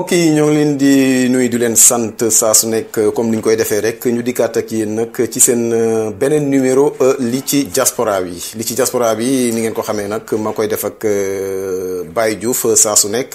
mbokk yi ñoo ngi leen di nuyu di leen sant saa su nekk comme ni ñu koy defee rek ñu dikkaat ak yéen nag ci seen euh, beneen numéro euh, li ci diaspora bi li ci jasporaa bi ni ngeen ko xamee nag ma koy def ak euh, Baye Diouf saa su nekk.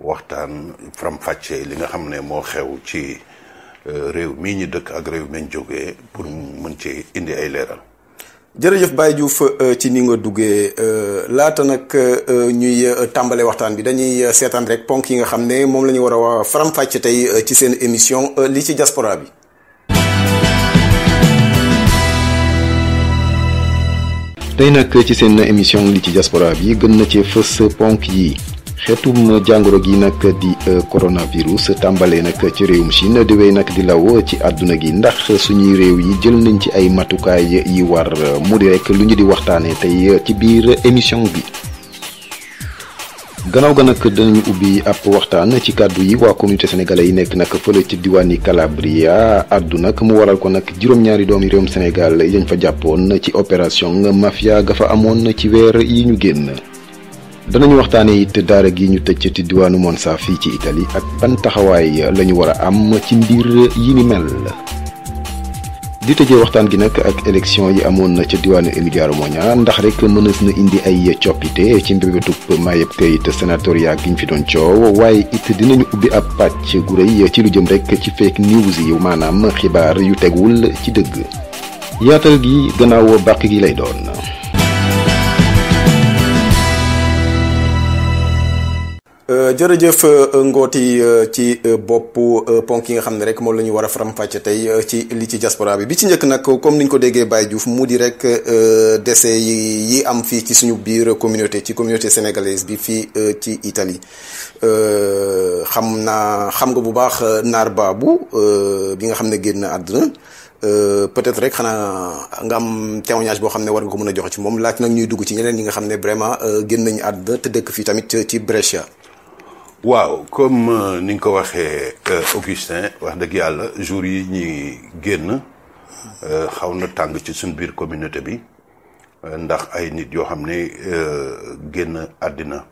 waxtaan faram-fàccee li nga xam ne moo xew ci euh, réew mii ñu dëkk ak réew mi jógee pour mën ci indi ay leeral. jërëjëf Baye Diouf euh, ci ni nga duggee euh, laata nag ñuy tàmbale waxtaan bi dañuy seetaan rek ponk yi nga xam ne moom la ñu war a faram-fàcce tey ci seen émission li ci diaspora bi. tey nag ci seen émission li ci diaspora bi gën na ci fës ponk yi. xetum jangoro gi nak di euh, coronavirus tambale nak ci réewum Chine di wéy nak di law ci aduna gi ndax suñuy réew yi jël nañ ci ay matukaay yi war mu di rek luñu di waxtaanee tay ci biir émission bi gannaaw ga nag danañu ubbi ab waxtaan ci kàddu yi wa communauté sénégalais yi nekk nak feulé ci kalabria calabria addu nag mu waral ko nak juroom ñaari doomi réewum sénégal yañ fa jàppoon ci opération mafia ga fa amone ci wér yi ñu génn danañu waxtaane it daara gi ñu tëj ci diwaanu Monza fii ci Italie ak ban taxawaay la war a am ci mbir yi ni mel. di tëjee waxtaan gi nag ak élection yi amoon na ca diwaanu Emilia Romagna ndax rek mënees na indi ay coppite ci mbébétub maayeb kayit sénatorial gi ñu fi doon coow waaye it dinañu ubbi ab pàcc gu rëy ci lu jëm rek ci fake news yi maanaam xibaar yu tegwul ci dëgg yaatal gi gannaaw bàq gi lay doon. Euh, jërëjëf euh, ngooti euh, ci boppu ponk yi nga xam ne rek moom la ñu war a faram-fàcce tey ci li ci diaspora bi bi ci njëkk nag comme ni ñu ko déggee Baye Diouf mu di rek décès yi am fii ci suñu biir communauté ci communauté sénégalaise bi fii ci Italie xam naa xam nga bu baax naar baabu bi nga xam ne génn àdduna peut-être rek xanaa nga am témoignage boo xam ne war nga ko mën a joxe ci moom laaj nag ñuy dugg ci ñeneen ñi nga xam ne vraiment génn nañu àdduna te dëkk fii tamit ci Brescia. waaw comme euh, ni nga ko waxee euh, Augustin wax dëgg yàlla jour yi ñuy génn euh, xaw na tàng ci suñ biir communauté bi ndax ay nit yoo xam ne génn àddina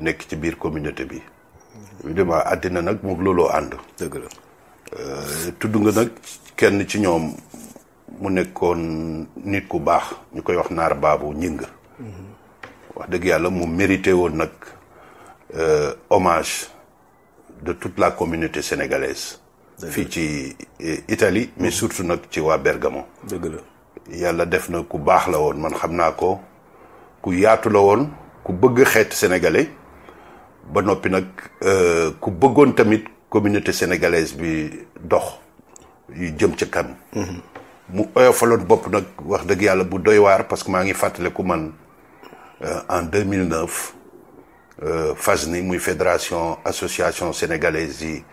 nekk ci biir communauté bi évidemment àddina nag moom looloo ànd dëgg la tudd nga nag kenn ci ñoom mu nekkoon nit ku baax ñu koy wax naar baabu ñing mhm. wax dëgg yàlla mu mérité woon nag euh, hommage de toute la communauté sénégalaise. fii ci eh, Italie mais mm-hmm. surtout nag ci waa Bergamo. dëgg la yàlla def na ku baax la woon man xam naa ko ku yaatu la woon ku bëgg xeet sénégalais ba noppi nag euh, ku bëggoon tamit communauté sénégalaise bi dox yu jëm ca kanam. Mm-hmm. mu oyofaloon bop nak wax deug yalla bu doy war parce que ma ngi fàttaliku man euh, en 2009. Euh, Fazni, muy fédération association sénégalaise yi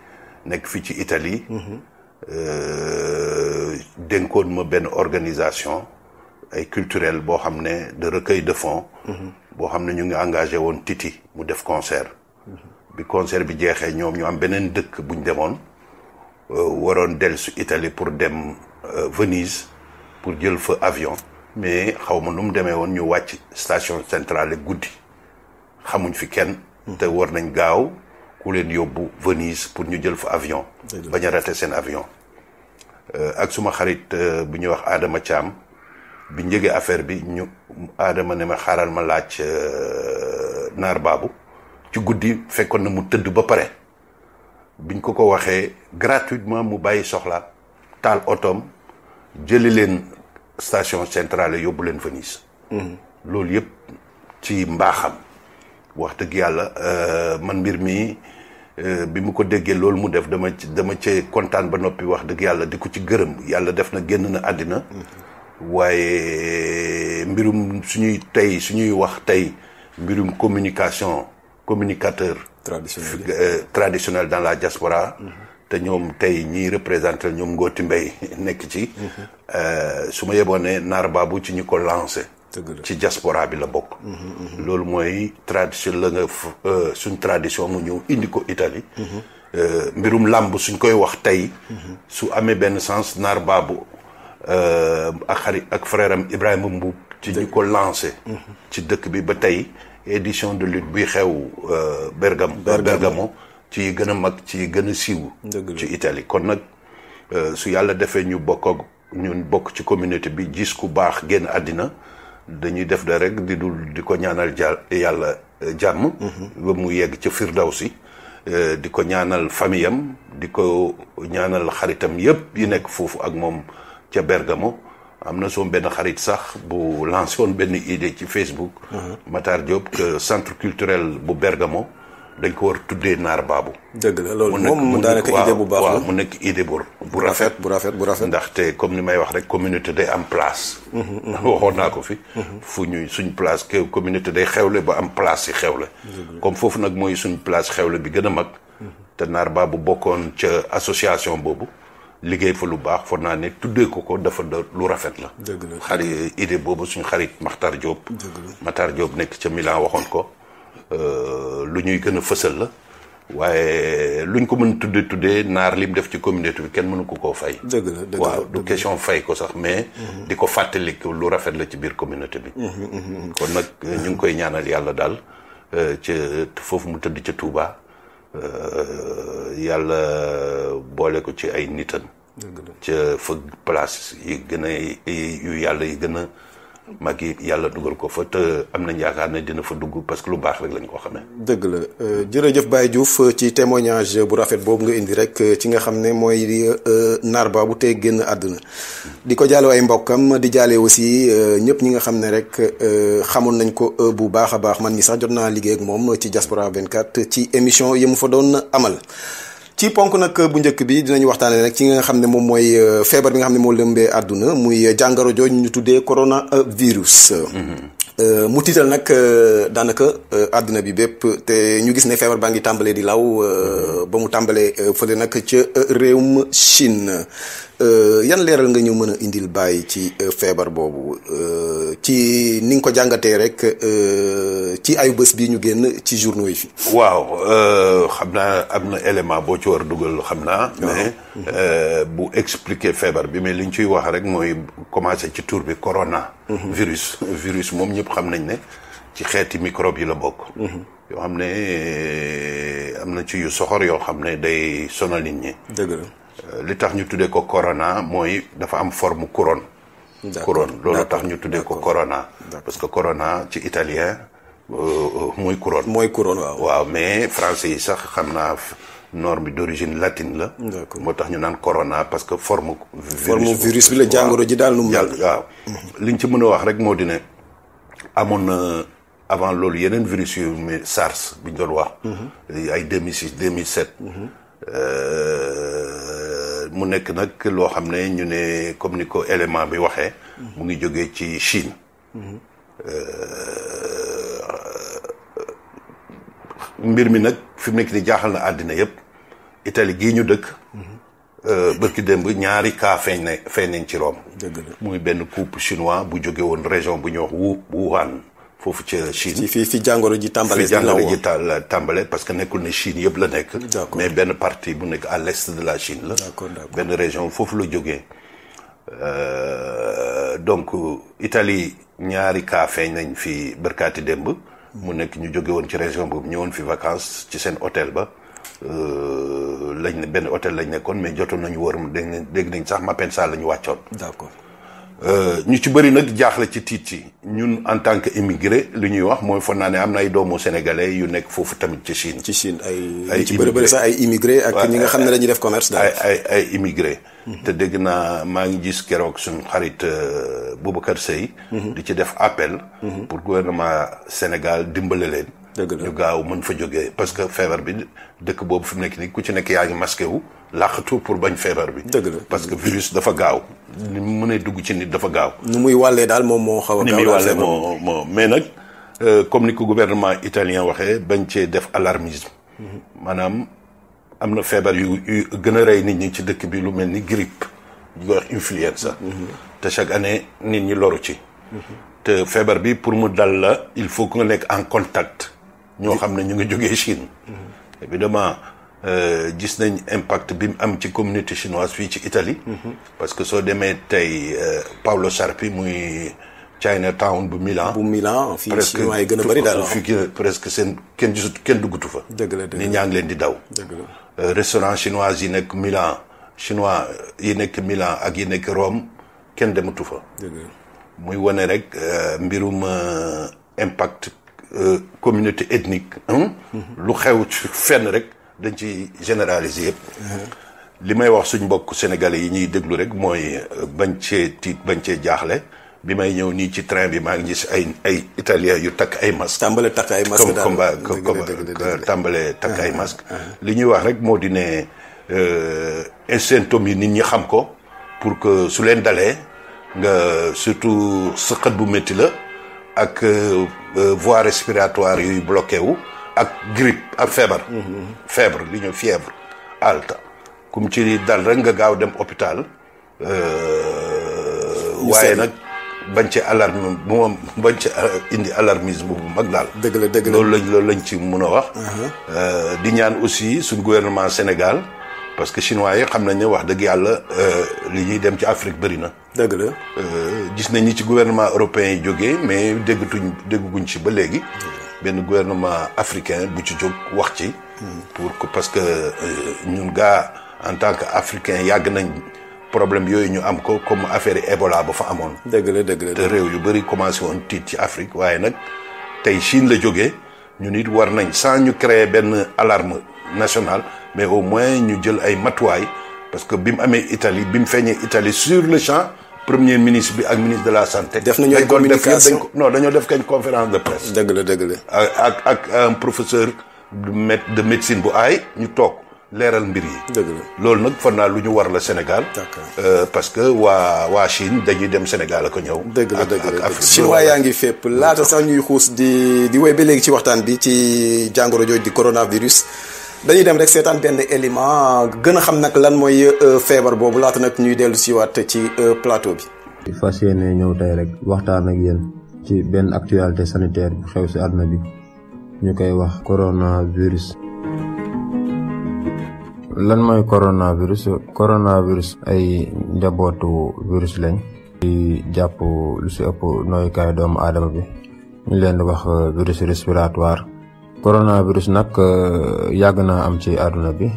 nekk ci Italie. Mhm. Euh, dénkoon ma ben organisation ay culturelle bo de recueil de fonds. Mhm. boo xam ne ñu ngi engagé won Titi mu def concert. Mhm. bi concert bi jeexee nous ñu am beneen dëkk bu ñu euh, waron del su Italie pour dem Venise pour jël feu avion mais xaw ma nu won, ñu station centrale guddi xamuñ fi kenn. Hmm. te nañ gaaw ku Venise pour ñu jël fa avion. bañ raté avion. Euh, ak suma xarit euh, wax Adama bi affaire bi ñu ne pare biñ ko ko gratuitement mu soxla station centrale Venise. Hmm. loolu yëpp ci mbaaxam. wax dëgg yàlla euh, man mbir mi euh, bi mu ko déggee loolu mu def dama ci dama cee kontaan ba noppi wax dëgg yàlla di ko ci gërëm yàlla def na génn na àddina waaye mbirum suñuy tey suñuy wax tey mbirum communication communicateur traditionnel euh, traditionnel dans la diaspora te ñoom tey ñiy représenté ñoom ngooti Mbaye nekk ci mhm. su ma yeboon ne naar baabu ci ñu ko lancé ci diaspora bi la bokk mhm, mhm. loolu mooy tradition la nga euh, suñ tradition mu ñëw indi ko Italie mhm. euh, mbirum làmb suñ koy wax tey su amee benn sens naar baabu euh, ak xarit ak frère am Ibrahima Mbuub ci ñu ko lancé ci dëkk bi ba tey édition de lutte bi xew bergam Bergamo ci gën a mag ci gën a siiw ci Italie kon nag su yàlla defee ñu bokk ñun bokk ci communauté bi gis ku baax génn àddina dañuy def da rek di dul di ko ñaanal ja yàlla eh, jàmm. Mm-hmm. ba mu yegg ca Firdawsi. Eh, di ko ñaanal famiyam di ko ñaanal xaritam yëpp yi nekk foofu ak moom ca Bergamo am na soom benn xarit sax bu lancé woon benn idée ci Facebook. Mm-hmm. Matar Diop que centre culturel bu Bergamo. dañ ko war tuddee naar baabu. dëgg la loolu moom mu daanaka bu baax mu nekk idée bu bu rafet. bu rafet bu rafet ndaxte comme ni may wax rek communauté day am place. Mhm, mhm, mhm. waxoon naa ko fi. fu ñuy suñ place ke communauté day xewle ba am place yi xewle. comme foofu nag mooy suñ place xewle bi gën a mag. te naar baabu bokkoon ca association boobu. liggéey fa lu baax foog naa ne tuddee ko ko dafa da lu rafet la. dëgg la xarit idée boobu suñu xarit Makhtar Diop. Makhtar Diop nekk ca Milan waxoon ko. Euh, lu ñuy gën a fësal la waaye luñ ko mën tudde tuddee naar lim def ci communauté bi kenn mënu ko koo fay. dëgg la dëgg la du question fay ko sax mais. Mhm. di ko fàttali lu rafet la ci biir communauté bi. Mhm, mhm, kon nag euh, ñu ngi koy ñaanal yàlla daal euh, ca foofu mu tëdd ci Touba yàlla boole ko ci ay nitan. ca fa place yi gën a yu yàlla yi gën a. yi yàlla dugal ko fa am nañ yaakaar na dina fa dugg parce que lu baax rek lañ ko xamee. dëgg la euh, jërëjëf Baye Diouf ci témoignage bu rafet boobu nga indi rek euh, ci nga xam ne mooy euh, Narba bu tey génn àdduna. Hmm. di ko jaale ay mbokkam di jaalee aussi ñëpp ñi nga xam ne rek xamoon nañ ko bu baax a baax man ñi sax jot naa liggéey ak moom ci Diaspora 24 ci émission yi fa doon amal. ci ponk nag bu njëkk bi dinañu waxtaane nag ci nga xam ne moom mooy euh, feebar bi nga xam ne moo lëmbee àdduna muy euh, jàngoro jooju ñu tuddee coronavirus. Mm-hmm. Euh, mu tiital nag daanaka àdduna bi bépp te ñu gis ne feebar baa ngi tàmbalee di law mm-hmm. ba mu tàmbalee fële nag ca réewum Chine. Euh, yan leeral nga ñu mën a indil bàyyi ci euh, feebar boobu euh, ci ni nga ko jàngatee rek ci ayu bés bii ñu génn ci journaux yi fi waaw xam naa am na élément boo ci war dugal xam naa ah. bu expliquer feebar bi mais li ñu ciy wax rek mooy commencé ci tur bi corona mhm. virus virus moom ñëpp xam nañ ne ci xeeti microbe yi la bokk mhm. yoo xam ne am na ci yu soxor yoo xam ne day sono nit ñi dëgg Euh, li tax ñu tuddee ko corona mooy dafa am forme couronne. couronne loolu tax ñu tuddee ko corona. parce que corona ci italien euh, euh, mooy couronne. mooy couronne waaw. waaw mais français yi sax xam naa norme d'origine latine la. moo tax ñu naan corona parce que forme. forme virus bi la jàngoro ji daal nu mu. waaw mhm. liñ ci mën wax rek moo di avant loolu yeneen virus yu mais SARS bi ñu doon wax. Mhm. ay 2006 2007. mu nekk nag loo xam ne ñu ne comme ni ko élément bi waxee. mu ngi jógee ci Chine. Euh, mbir mi nag fi mu nekk ni jaaxal na àddina yëpp Italie gii ñu dëkk. Euh, bërki demb ñaari cas feeñ ne feeñ nañ ci Rome. dëgg la muy benn couple chinois bu jóge woon région bu ñuy wax Wu Wuhan. foofu ca Chine. fi fi jàngoro ji tàmbale. fi jàngoro ji tàmbale parce que nekkul ne Chine yëpp la nekk. mais benn partie bu nekk à l'est de la Chine la. benn région foofu la jógee. Euh, donc Italie ñaari cas feeñ nañ fi bërkaati démb. mu nekk ñu jóge woon ci région boobu ñëwoon fi vacances ci seen hôtel ba. Euh, lañ ne benn hôtel lañ nekkoon mais jotoon nañu wër dégg nañ sax Malpensa la ñu wàccoon. d'accord. Euh, ñu ci bëri nag jaaxle ci tiit ci ñun en tant que immigré lu ñuy wax mooy foog naa ne am na ay doomu sénégalais yu nekk foofu tamit ci Chine. ci Chine ay ay ci bëri bëri sax ay immigré ak ñi nga xam ne dañuy def commerce. daal ay ay immigré. te dégg naa maa ngi gis keroog suñu xarit euh, Boubacar Seye. Mhm. di ci def appel. Mhm. pour gouvernement Sénégal dimbale leen. ñu gaaw mën fa jógee parce que feebar bi dëkk boobu fi mu nekk nii ku ci nekk yaa ngi masqué wu tout pour bañ feebar bi. dëgg parce que virus dafa gaaw. ni mu mënee dugg ci nit dafa gaaw. nu muy wàllee daal moom moo xaw a. gaaw ni muy moo moo mais nag euh, comme ni ko gouvernement italien waxee bañ cee def alarmisme. maanaam am na feebar yu gën a rey nit ñi ci dëkk bi lu mel ni grippe. ñu koy te chaque année nit ñi loru ci. te feebar bi pour mu dal la il faut que nga nekk en contact. ñoo xam ne ñu ngi jógee Chine. évidemment euh, gis nañ impact bi mu am ci communauté chinoise fii ci Italie. Mm-hmm. parce que soo demee tey euh, Paolo Sarpi muy China Town bu Milan. bu Milan fii chinois yi gën a bari daal presque seen kenn gisut kenn duggutu fa. dëgg la dëgg la leen di daw. dëgg la euh, restaurant chinois yi nekk Milan chinois yi nekk Milan ak yi nekk Rome kenn dematu fa. dëgg muy wane rek mbirum impact. Euh, communauté ethnique. Hein? lu xew ci rek dañ généraliser je uh-huh. wax sénégalais yi déglu rek train bi ngi ay ay italien yu takk ay masque tàmbale ay masque comme comme tàmbale ay masque li pour que su surtout bu métti la ak euh, euh, voie respiratoire yuy bloqué wu ak grippe ak feebar feebre li ñu fièvre alta kum ci dal rek nga gaaw dem hôpital euh, waaye nag bañ ci alarme bu moom bañ ci indi alarmisme bu mag daal dëgg la dëgg loolu lañ loolu lañ ci mun a wax uh-huh. di ñaan aussi suñ gouvernement Sénégal parce que chinois yi xam nañ ne wax dëgg yàlla li ñuy dem ci Afrique bëri na dëgg la euh, gis nañ ni ci gouvernement européen yi jógee mais déggatuñ dégguñ ci ba léegi. benn gouvernement africain bu ci jóg wax ci. pour que parce que euh, ñun gaa en tant que africain yàgg nañ problème yooyu ñu am ko comme affaire Ebola ba fa amoon. dëgg la dëgg la te réew yu bëri commencé woon tiit ci Afrique waaye nag tey Chine la jógee ñu nit war nañ sans ñu créer benn alarme nationale mais au moins ñu jël ay matuwaay parce que bi mu amee Italie bi mu feeñee Italie sur le champ. premier ministre bi ak ministre de la santé. def nañu ay communication non dañoo def kañ conférence de presse. dëgg la dëgg la. ak ak professeur de mé de médecine bu aay ñu toog leeral mbir yi. dëgg loolu nag fan naa lu ñu war la Sénégal. Euh, parce que waa waa Chine dañuy dem Sénégal ak a ñëw. dëgg la dëgg la chinois yaa ngi fépp laata sax ñuy xuus di di wéy ba léegi ci waxtaan bi ci jàngoro jooju di coronavirus. dañuy dem rek seetaan benn éliment gën a xam nag lan mooy euh, feebar boobu laata nag ñuy dellu siwaat ci euh, plateau bi. fa yéene ñëw tey rek waxtaan ak yéen ci benn actualité sanitaire bu xew si àdduna bi ñu koy wax coronavirus. lan mooy coronavirus coronavirus ay njabootu virus lañ. di jàpp lu si ëpp nooyukaayu doomu aadama bi ñu leen di wax euh, virus respiratoire. coronavirus nag euh, yàgg na am ci àdduna bi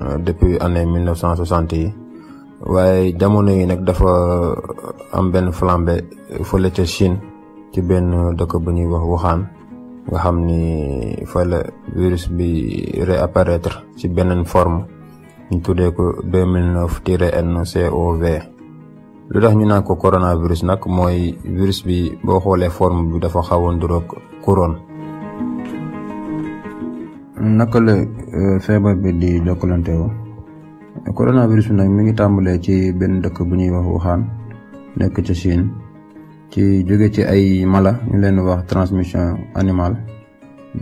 euh, depuis année mille neuf cent soixante yi waaye jamono yi nag dafa euh, am benn flambée fële ca Chine ci benn dëkk ba ñuy wax Wuhan nga xam ni fa la virus bi réapparaître ci beneen forme ñu tuddee ko 2009 tiré NCOV lu tax ñu naan ko coronavirus nag mooy virus bi boo xoolee forme bi dafa xawoon duroog couronne naka la eh, bi di dokolante wo corona virus nak mi ngi tàmbalee ci ben dekk bu ñuy wax Wuhan nek ci Chine ci joge ci ay mala ñu leen wax transmission animal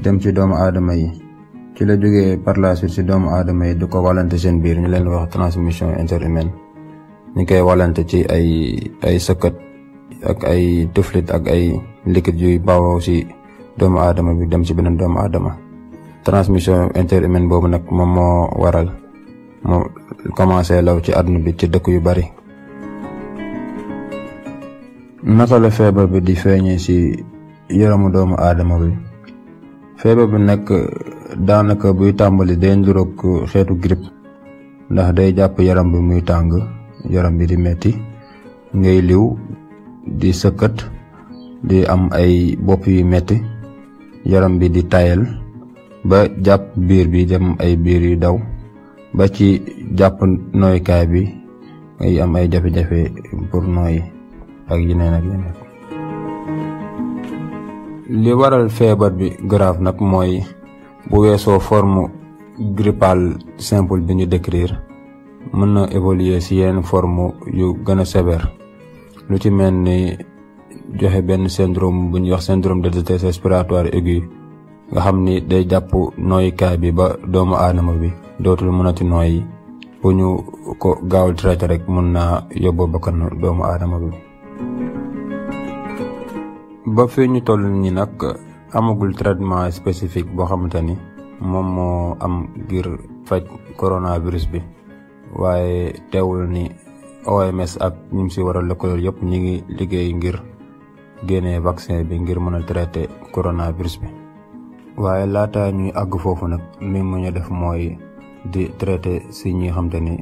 dem ci doomu adama yi ci la joge par la suite ci doomu adama yi di walante sen bir ñu leen wax transmission interhumaine ñu kay walante ci ay ay sekkat ak ay tuflit ak ay likit yu bawo ci doomu adama bi dem ci benen doomu adama transmission entertainment bobu nak mom mo waral mo commencé law ci aduna bi ci dekk yu bari nata le febar bi di feeñee ci yaramu doomu adama bi febar bi nak danaka buy tambali day nduroog xetu grip ndax day japp yaram bi muy tang yaram bi di metti ngay liw di sekkat di am ay bop yu metti yaram bi di tayal ba jàpp biir bi dem ay biir yu daw ba ci jàpp nooykaay bi ngay am ay jafe-jafe pour nooyi ak yeneen li waral feebar bi grave nag mooy bu weesoo forme gripal simple bi ñu décrire mën na évoluer ci yenn forme yu gën a sévère lu ci mel ni joxe benn syndrome bu ñuy wax syndrome de détresse respiratoire aigu nga xam ni day jàpp nooyukaay bi ba doomu aadama bi dootul mënati nooyi bu ñu ko gaawal traité rek mun naa yóbbu bakkan doomu aadama bi. ba fii ñu toll nii nag amagul traitement spécifique boo xamante ni moom moo am ngir faj coronavirus bi waaye teewul ni OMS ak ñi si war a lëkkalool yëpp ñi ngi liggéey ngir génnee vaccin bi ngir mën a traité coronavirus bi. waaye laata ñuy àgg foofu nag mbir mu ñu def mooy di traité si ñi nga xamante ni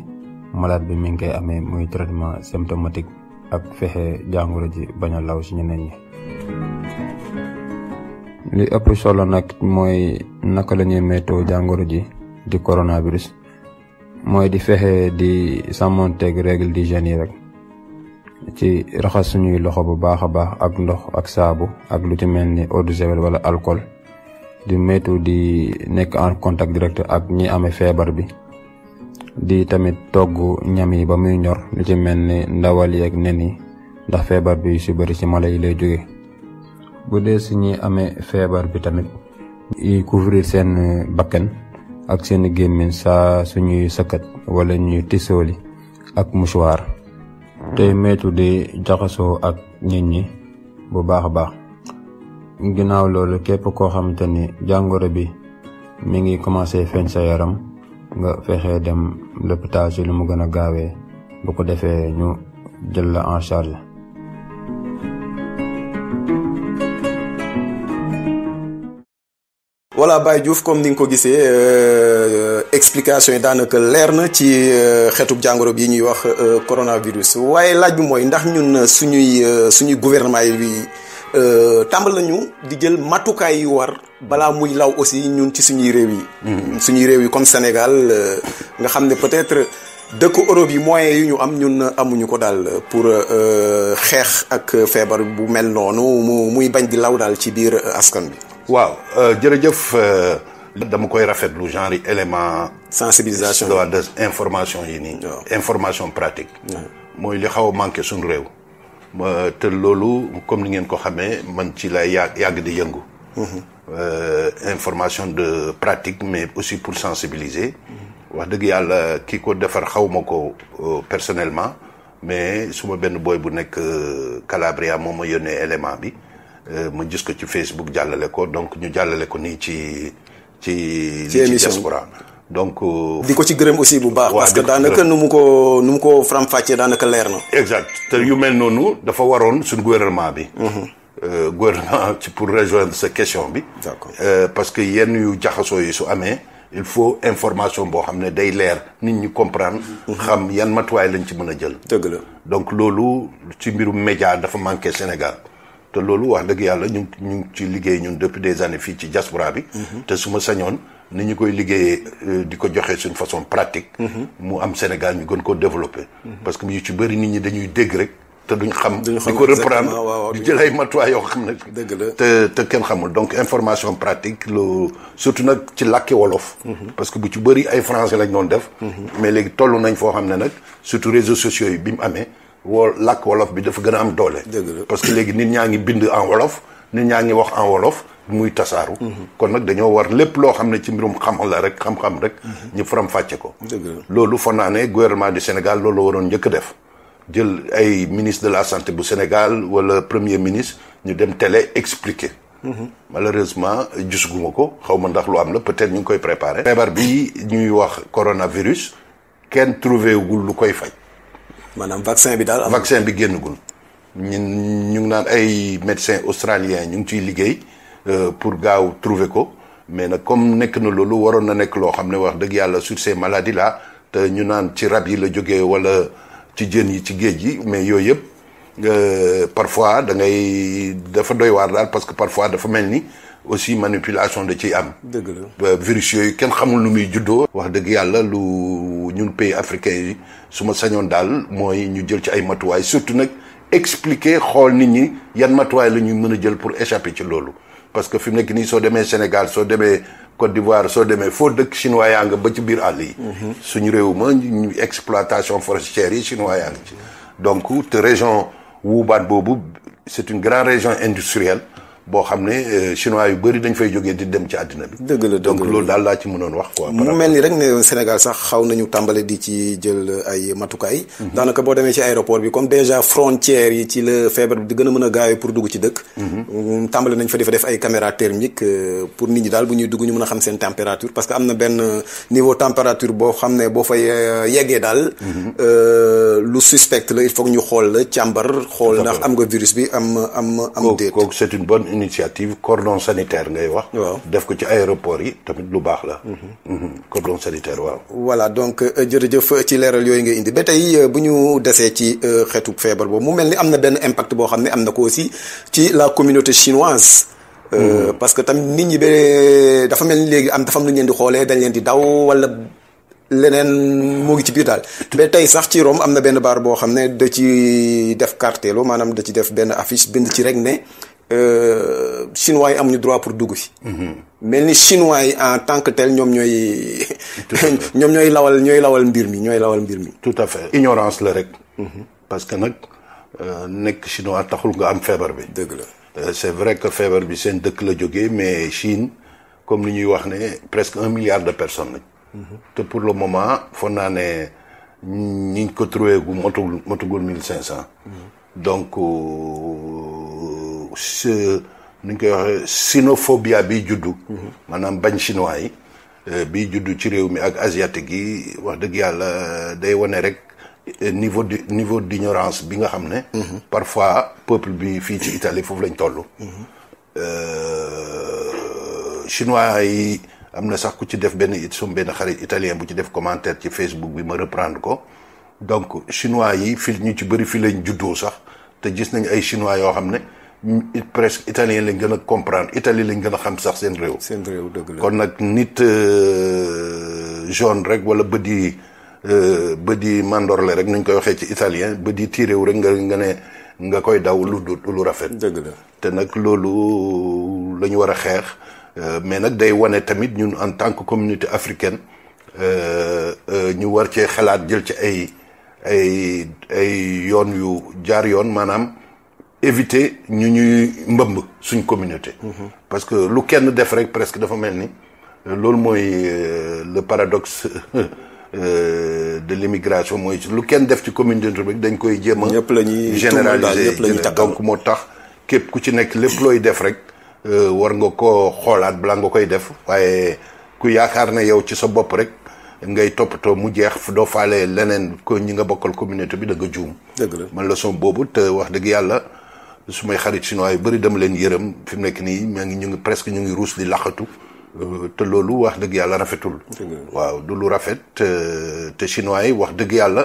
malade bi mi ngi koy amee muy traitement symptomatique ak fexe jàngoro ji bañ a law si ñeneen li ëpp solo nag mooy naka la ñuy méttoo jàngoro ji di coronavirus mooy di fexe di sàmmonteeg règle d'hygiène yi rek ci raxas suñuy loxo bu baax a baax ak ndox ak saabu ak lu ci mel ni eau de javel wala alcool. di moytu di nekk en contact direct ak ñi amee feebar bi di tamit togg ñam yi ba muy ñor li ci mel ni ndawal yeeg nen yi ndax feebar bi yu si bëri ci mala yi lay jóge bu dee si ñi amee feebar bi tamit i couvrir seen bakken ak seen gémmiñ saa suñuy sëkkat wala ñuy tisooli ak mouchoir tey moytu di jaxasoo ak nit ñi bu baax a baax ginnaaw loolu képp koo xamante ni jàngoro bi mi ngi commencé feeñ sa yaram nga fexe dem l'hôpital si lu mu gën a gaawee bu ko defee ñu jël la en charge. voilà Baye Diouf comme ni nga ko gisee euh, explication yi daanaka leer na ci euh, xeetub jàngoro bi ñuy wax euh, coronavirus waaye laaj bi mooy ndax ñun suñuy suñuy gouvernement yi. Euh, tàmbal nañu di jël matukaay yu war balaa muy law aussi ñun ci suñuy réew yi. Mm-hmm. suñuy réew yi comme Sénégal euh, nga xam ne peut-être dëkk Europe yi moyens yu ñu am ñun amuñu ko daal pour euh, xeex ak feebar bu mel noonu mu muy bañ di law daal ci biir askan bi. waaw jërëjëf. dama koy rafetlu genre élément. sensibilisation de information yi nii. information pratique. mooy li xaw a manqué suñu réew. ma te loolu comme ni ngeen ko xamé man ci lay yàgg di yëngu. Mhm. Euh, information de pratique mais aussi pour sensibiliser. wax deug yalla kiko defar xawmako euh, personnellement mais suma ben boy bu nek euh, Calabria moma yone element élément bi ma gis ko ci Facebook jallale ko donc ñu jallale ko ni ci ci diaspora donc. Euh, di ko ci gërëm aussi bu baax. parce que danaka nu mu ko nu mu ko fram fàccee danaka leer na. exact te yu mel noonu dafa waroon suñu gouvernement bi. Mhm. Euh, gouvernement ci pour rejoindre sa question bi. d'accord euh, parce que yenn yu jaxasoo yi su amee. il faut information boo xam ne day leer nit ñi comprendre. Mhm. Mhm. xam yan matuwaay lañ ci mën a jël. dëgg la donc loolu ci mbirum média dafa manqué Sénégal. te loolu wax dëgg yàlla ñu ñu ci liggéey ñun depuis des années fii ci diaspora bi. te su ma sañoon ni ñu koy liggéeyee euh, di ko joxe suñ façon pratique. Mhm. mu am Sénégal ñu gën koo développé. Mhm. parce que yu ci bëri nit ñi dañuy dégg rek. te duñ xam di ko reprendre di jël ay matuwaay yoo xam ne. dëgg la te te kenn xamul donc information pratique lo surtout nag ci làkki wolof. Mhm. parce que bu ci bëri ay français lañ doon def. mais léegi toll nañ foo xam ne nag surtout réseaux sociaux yi bi mu amee wol làkk wolof bi dafa gën a am doole. parce que léegi nit ñaa ngi bind en wolof nit ñaa ngi wax en wolof muy tasaaru. kon nag dañoo war lépp loo xam ne ci mbirum xam la rek xam-xam rek. ñu faram fàcce ko. loolu foog ne gouvernement du Sénégal loolu waroon njëkk def. jël ay ministre de la santé bu Sénégal wala premier ministre ñu dem télé expliquer. malheureusement gisuguma ko xaw ma ndax lu am la peut-être ñu ngi koy préparer. feebar bi ñuy wax coronavirus kenn trouvé wul lu koy faj. maanaam vaccin bi daal. vaccin bi génnagul. ñun ñu ngi naan ay médecin australien, ñu ngi ciy liggéey. Euh, pour gaaw trouver ko mais nag comme nekk na loolu waroon na nekk loo xam ne wax dëgg yàlla sur ces maladies là te ñu naan ci rab yi la jóge wala ci jën yi ci géej gi mais yooyu yëpp euh, parfois da ngay dafa doy waar daal parce que parfois dafa mel ni aussi manipulation da ciy am. dëgg la euh, virus yooyu kenn xamul lu muy juddoo. wax dëgg yàlla lu ñun pays africain yi su ma sañoon daal mooy ñu jël ci ay matuwaay surtout nag expliquer xool nit ñi yan matuwaay la ñuy mën a jël pour échapper ci loolu. parce que si mu so nii Sénégal soo Côte d'Ivoire soo demee foo de chinois yang ba ci de mhm. suñu exploitation forestière chinoise. donc te région Wuubaat boobu c'est une grande région industrielle bo xamné euh, chinois yu bëri dañ fay jógee di dem ci àddina bi. dëgg la donc loolu dal la ci mënon wax quoi. mu melni rek né Sénégal sax xaw nañu tàmbale di ci jël ay matukay mhm. danaka bo démé ci aéroport bi comme déjà frontière yi ci le fièvre bi di gën a mën pour dugg ci dëkk. Mhm. Mm, tambalé nañ fa di def ay caméra thermique euh, pour nit ñi dal bu ñuy dugg ñu mëna xam seen température parce que amna ben niveau température bo xamné bo fay fay dal mhm. euh lu suspect la il faut ñu xol la càmbar. xool ndax am nga virus bi am am am déet. kooku c'est une bonne initiative cordon sanitaire ngay wax. def ko ci aéroport yi tamit lu baax la. Mhm. Mhm. cordon sanitaire waaw. voilà donc euh, jërëjëf ci leeral yooyu ngay indi ba tey euh, bu ñu desee ci euh, xeetu feebar boobu mu mel ni am na benn impact boo xam ne am na ko aussi ci la communauté chinoise. Mhm. parce que tamit nit ñi ba dafa mel ni léegi am dafa am lu ñu di xoolee dañ leen di daw wala leneen moo ngi ci biir daal. ba tey sax ci Rome am na benn baar boo xam ne da ci def cartelo maanaam da ci def benn affiche bind ci rek ne euh, chinois yi droit pour dugg fi. Mhm. Mais ni chinois en tant que tel ñom ñoy ñom ñoy lawal ñoy lawal mbir mi ñoy lawal mbir mi. tout à fait ignorance le rek. Mhm. parce que nag euh, nek chinois taxul nga am fièvre bi. deug la euh, c'est vrai que fièvre bi c'est dëkk la jógee mais Chine comme li ñuy wax né presque un milliard de personnes lañ. Mhm. te pour le moment foog naa ñi ko trouvé gu motugul motugul 1500 donc. nu ñu koy waxee sinophobia bi juddu. Mhm. maanaam bañ chinois yi. Euh, bi juddu ci réew mi ak asiatique yi wax dëgg yàlla euh, day wane rek euh, niveau de niveau d'ignorance bi nga xam ne. Mhm. parfois peuple bi fii ci Italie foofu lañ toll. Mhm. chinois yi am na sax ku ci def benn it sum benn xarit italien bu ci def commentaire ci Facebook bi ma reprendre ko donc chinois yi fii ñu ci bëri fii lañ juddoo sax te gis nañ ay chinois yoo xam ne. presque italien lañ gën a comprendre Italie lañ gën a xam sax seen réew. seen réew dëgg kon nag nit euh, jaune rek wala bët yi euh, bët yi mandorle rek nuñ koy waxee ci italien bët yi tiiréew rek nga nga ne nga koy daw lu du lu rafet. dëgg la te nag loolu la ñu war a xeex euh, mais nag day wane tamit ñu en tant que communauté africaine ñu war cee xalaat jël ci ay ay ay yoon yu jaar yoon maanaam. éviter ñu ñuy mbëmb suñ communauté. Mhm. parce que lu kenn def rek presque dafa mel ni. loolu mooy euh, le paradoxe euh, de l'immigration mooy lu kenn def ci communauté rek dañ koy jéem a. généraliser donc moo tax képp ku ci nekk lépp looy def rek. Euh, war nga ko xoolaat balaa nga koy def waaye ku yaakaar ne yow ci sa bopp rek ngay toppatoo mu jeex doo faale leneen ko ñi nga bokkal communauté bi da nga juum. dëgg la man leçon boobu te wax dëgg yàlla. suma xarit chinois yu bari dama leen yërëm fi mu nekk nii maa ngi ñu ngi presque ñu ngi ruus di laqatu te loolu wax dëgg yàlla rafetul waaw du lu rafet te chinois yi wax dëgg yàlla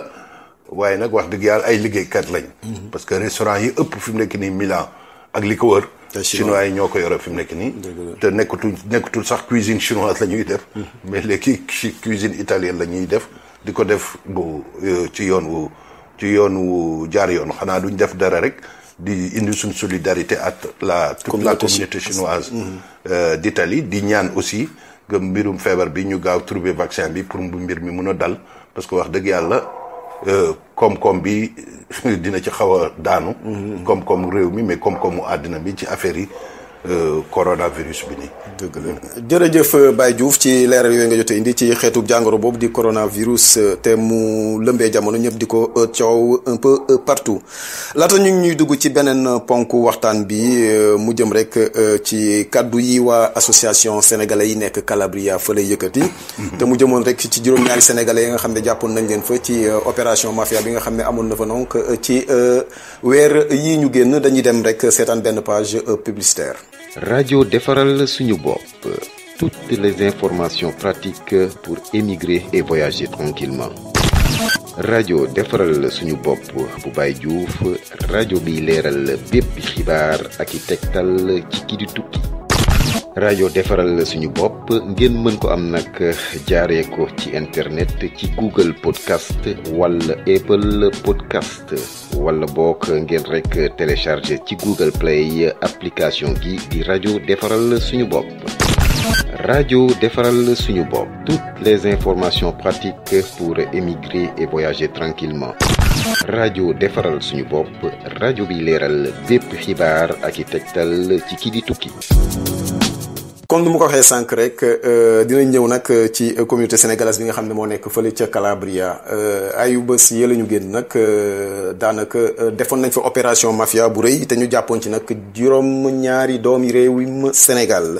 waaye nag wax dëgg yàlla ay liggéeykat lañ parce que restaurant yi ëpp fi mu nekk nii Milan ak li ko wër chinois yi ñoo ko yore fi mu nekk nii te nekkatul nekkatul sax cuisine chinoise la ñuy def mais léegi cuisine italienne la ñuy def di ko def bu ci yoon wu ci yoon wu jaar yoon xanaa duñ def dara rek di indi solidarité ak la toute la communauté chinoise mm-hmm. euh, d'Italie di ñaan aussi que mbirum feebar bi ñu gaaw trouver vaccin bi pour mbir mi mëna dal parce que wax yalla euh comme comme bi dina ci xawa daanu comme comme rew mi mais comme comme adina bi ci affaire yi Euh, coronavirus bi nii. jërëjëf euh, Baye Diouf ci leeral yooyu nga jotee indi ci xeetu jàngoro boobu di coronavirus euh, te mu lëmbee jamono ñëpp di ko coow un peu partout laata ñu ngi ñuy dugg ci beneen ponk waxtaan bi mu jëm rek ci kaddu yi waa association sénégalais yi nekk Calabria fa lay yëkkati. Mhm. te mu jëmoon rek ci juróom-ñaari sénégalais yi nga xam ne jàppoon nañ leen fa ci opération mafia bi nga xam ne amoon na fa donc ci weer yii ñu génn dañuy dem rek seetaan benn page publicitaire. radio defaral suñu toutes les informations pratiques pour émigrer et voyager tranquillement radio defaral suñu pour radio Bileral Bibi Chibar, Architectal, Radio défaral suñu mon ngeen mën ko am nak internet ci google podcast wala apple podcast wala bok ngeen rek télécharger ci google play application gi di Radio défaral suñu Radio Radio Défaral toutes les informations pratiques pour émigrer et voyager tranquillement Radio Défaral suñu radio Bileral, bi architectal bépp xibaar comme ni mu ko waxee sànq rek euh, dinañ ñëw nag euh, ci communauté sénégalaise bi nga xam ne moo nekk fële ca Calabria ayu bés yi la ñu génn nag euh, daanaka defoon nañ fa opération mafia bu rëy te ñu jàppoon ci nag juróom ñaari doomi réewum Sénégal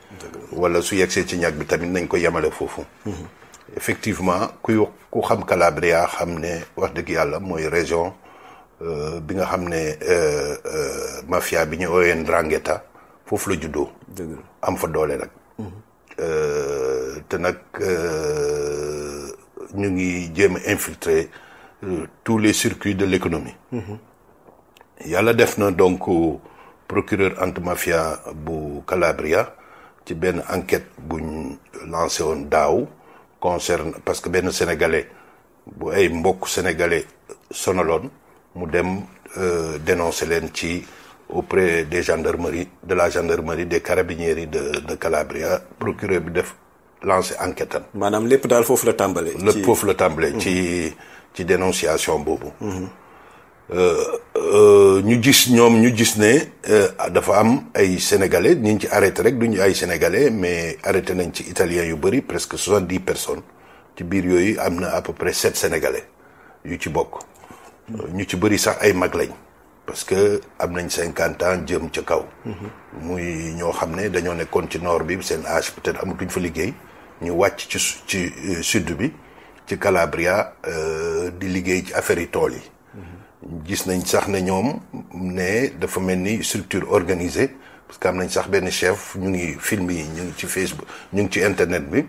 wala su yegsee ci ñag bi tamit nañ ko yemale fofu effectivement ku ku xam Calabria xam ne wax dëgg yàlla mooy région euh, bi nga xam ne euh, euh, mafia bi ñu ooyee Ndrangheta foofu la juddoo. am fa doole nag. Mhm. te ñu ngi jéem tous les circuits de l'économie. Mhm. yàlla def na donc procureur anti mafia bu Calabria ci enquête buñ lancé woon daaw concerne parce que benn sénégalais bu ay mbokk sénégalais sonaloon mu dem euh, dénoncé leen ci auprès des gendarmeries de la gendarmerie des carabinieri de de Calabria procureur bi def lancé enquête am. maanaam lépp daal foofu la tàmbalee. lépp foofu la tàmbalee. Mm-hmm. ci ci dénonciation boobu. Mm-hmm. Euh, euh, ñu gis ñoom ñu gis ne euh, dafa am ay sénégalais ñu ci arrêté rek duñu ay sénégalais mais arrêté nañ ci italien yu bëri presque soixante dix personnes ci biir yooyu am na à peu près sept yu ci bokk. ñu ci bëri sax ay mag lañ. parce que am nañ cinquante ans jëm ca kaw. muy ñoo xam ne dañoo nekkoon ci nord bi seen âge peut-être amatuñ fa liggéey ñu wàcc ci ci sud bi ci Calabria di liggéey ci affaire yi tool yi. gis nañ sax ne ñoom ne dafa mel ni structure organisée parce que am nañ sax benn chef ñu ngi film yi ñu ngi ci Facebook ñu ngi ci internet bi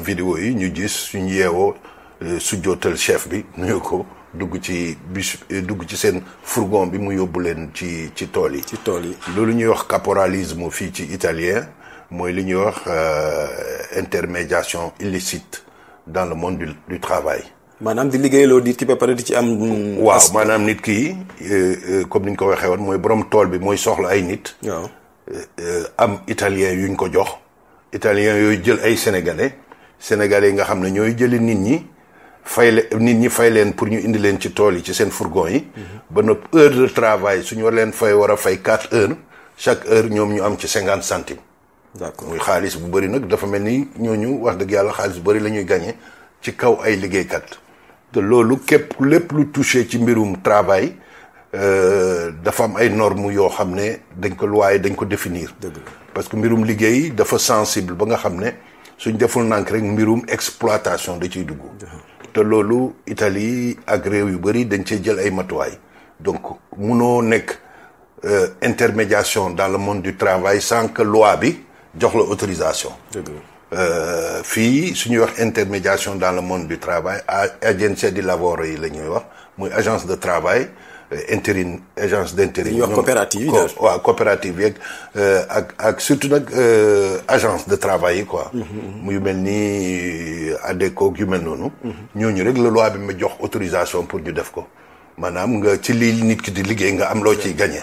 vidéo yi ñu gis suñu yeewoo euh, su jootal chef bi nuyu ko dugg ci bus euh, dugg ci seen fourgon bi mu yóbbu leen ci ci tool yi. ci tool yi loolu ñuy wax caporalisme fii ci italien mooy li ñuy wax euh, intermédiation illicite dans le monde du travail. manam di liggéey lo nit ki ba di ci am waaw manam nit ki eh, eh, comme niñ ko waxé won moy borom tool bi moy soxla ay nit waaw eh, am italien yuñ ko jox italien yoy jël ay sénégalais sénégalais nga xamne ñoy jël nit ñi fay nit ñi fay leen pour ñu indi leen ci tool yi ci seen fourgon yi mhm. ba nopp heure de travail suñu war leen fay war a fay 4 heures chaque heure ñoom ñu am ci 50 centimes d'accord muy xaalis bu bëri nag dafa mel ni ñooñu wax dëgg yàlla xaalis bu bëri la ñuy gagné ci kaw ay liggéeykat te loolu képp lépp lu touché ci mbirum travail euh, dafa am ay normes yoo xam ne dañ ko waaye dañ ko définir. parce que mbirum liggéey dafa sensible ba nga xam ne suñ deful nànk rek mbirum exploitation da ciy dugg. te loolu Italie ak réew yu bëri dañ cee jël ay matuwaay. donc munoo nekk euh, intermédiation dans le monde du travail sans que loi bi jox la autorisation. Euh, fii fi suñu wax intermédiation dans le monde du travail agence de lavoro yi la ñuy wax muy agence de travail euh, intérim agence d'intérim intérim. wax coopérative yi coopérative yeeg euh, ak ak surtout nag agence de travail yi quoi. Mhm, mhm. muy mel ni ADECO yu mel noonu. Mhm. ñooñu rek la loi bi ma jox autorisation pour ñu def ko manam nga ci lii nit ki di liggéey nga am loo ciy gagné.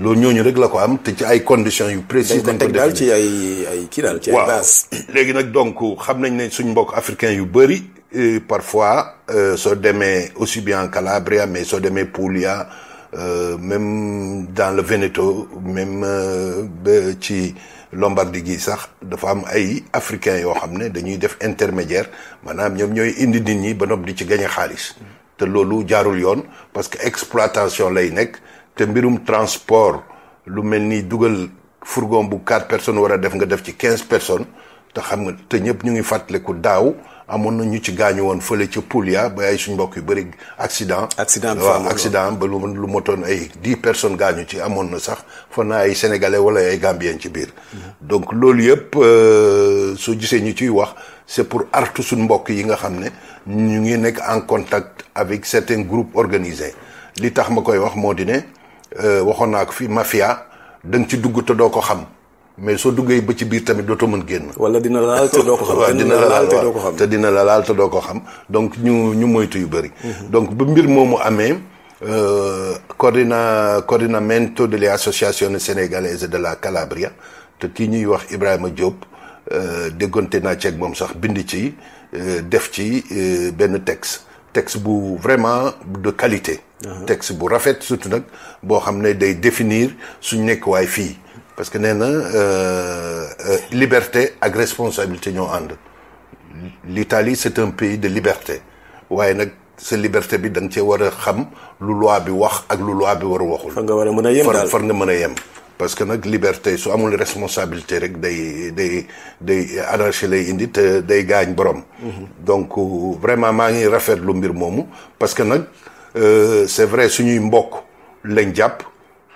loolu ñooñu rek la ko am te ci ay conditions yu précises. dañ ko teg daal ci ay ay ki daal ci ay base léegi nag donc xam nañ ne suñ mbokk africain yu bëri euh, parfois euh, soo demee aussi bien Calabria mais soo demee Puglia euh, même dans le Veneto même ba ci. Lombardie gi sax dafa am ay africain yoo xam ne dañuy def intermédiaire maanaam ñoom ñooy indi nit ñi ba nopp di ci gañe xaalis te loolu jaarul yoon parce que exploitation lay nek te mbirum transport lu melni dugal fourgon bu quatre personnes wara def nga def ci 15 personnes te xam nga te ñep ñu ngi fàttaliku daw amon na ñu ci gañu won fele ci Poulia ba ay suñ mbokk yu bari accident. accident waaw accident ba lu lu motoon ay dix personnes gañu ci amon na sax fa naa ay sénégalais wala ay gambien ci biir. Mhm. donc loolu yëpp euh, soo gisee ñu ci wax c'est pour artu suñ mbokk yi nga xamne ñu ngi nek en contact avec certains groupes organisés li tax ma koy wax moo di ne euh waxon nak fi mafia da ci dugg te do ko xam mais so duggee ba ci biir tamit dootoo mën génn. wala dina la laal te do ko xam dina la laal te doo ko xam te dina la laal te do ko xam donc ñu ñu moytu yu bari mhm. donc ba mbir momu amé euh, coordina coordinamento de l'associazione sénégalaise de la Calabria te ki ñuy wax Ibrahima Diop. Euh, déggoonte naa ceeg moom sax bind ci euh, def ci euh, benn texte texte bu vraiment de qualité. Uh-huh. texte bu rafet surtout nag boo xam ne day définir suñ nekk waay fii. parce que nee na liberté ak responsabilité ñoo ànd. l'Italie c'est un pays de liberté waaye nag sa liberté bi da nga cee war a xam lu loi bi wax ak lu loi bi war a waxul. far nga war a mën a yem daal far nga mën a yem parce que nak liberté su amul responsabilité rek day day day anarchie lay indi te day gagne borom. Mhm. donc euh, vraiment ma ngi lu mbir momu parce que euh c'est vrai suñuy mbok lañ japp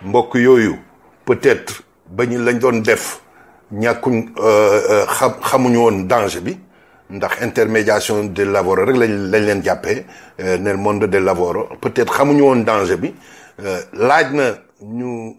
mbok yoyu peut-être ba lañ doon def ñàkkuñ euh, euh xamuñu won danger bi. ndax intermédiation de Lavoro rek lañ lañ jappé euh nel monde de Lavoro peut-être xamuñu won danger bi euh, laaj na ñu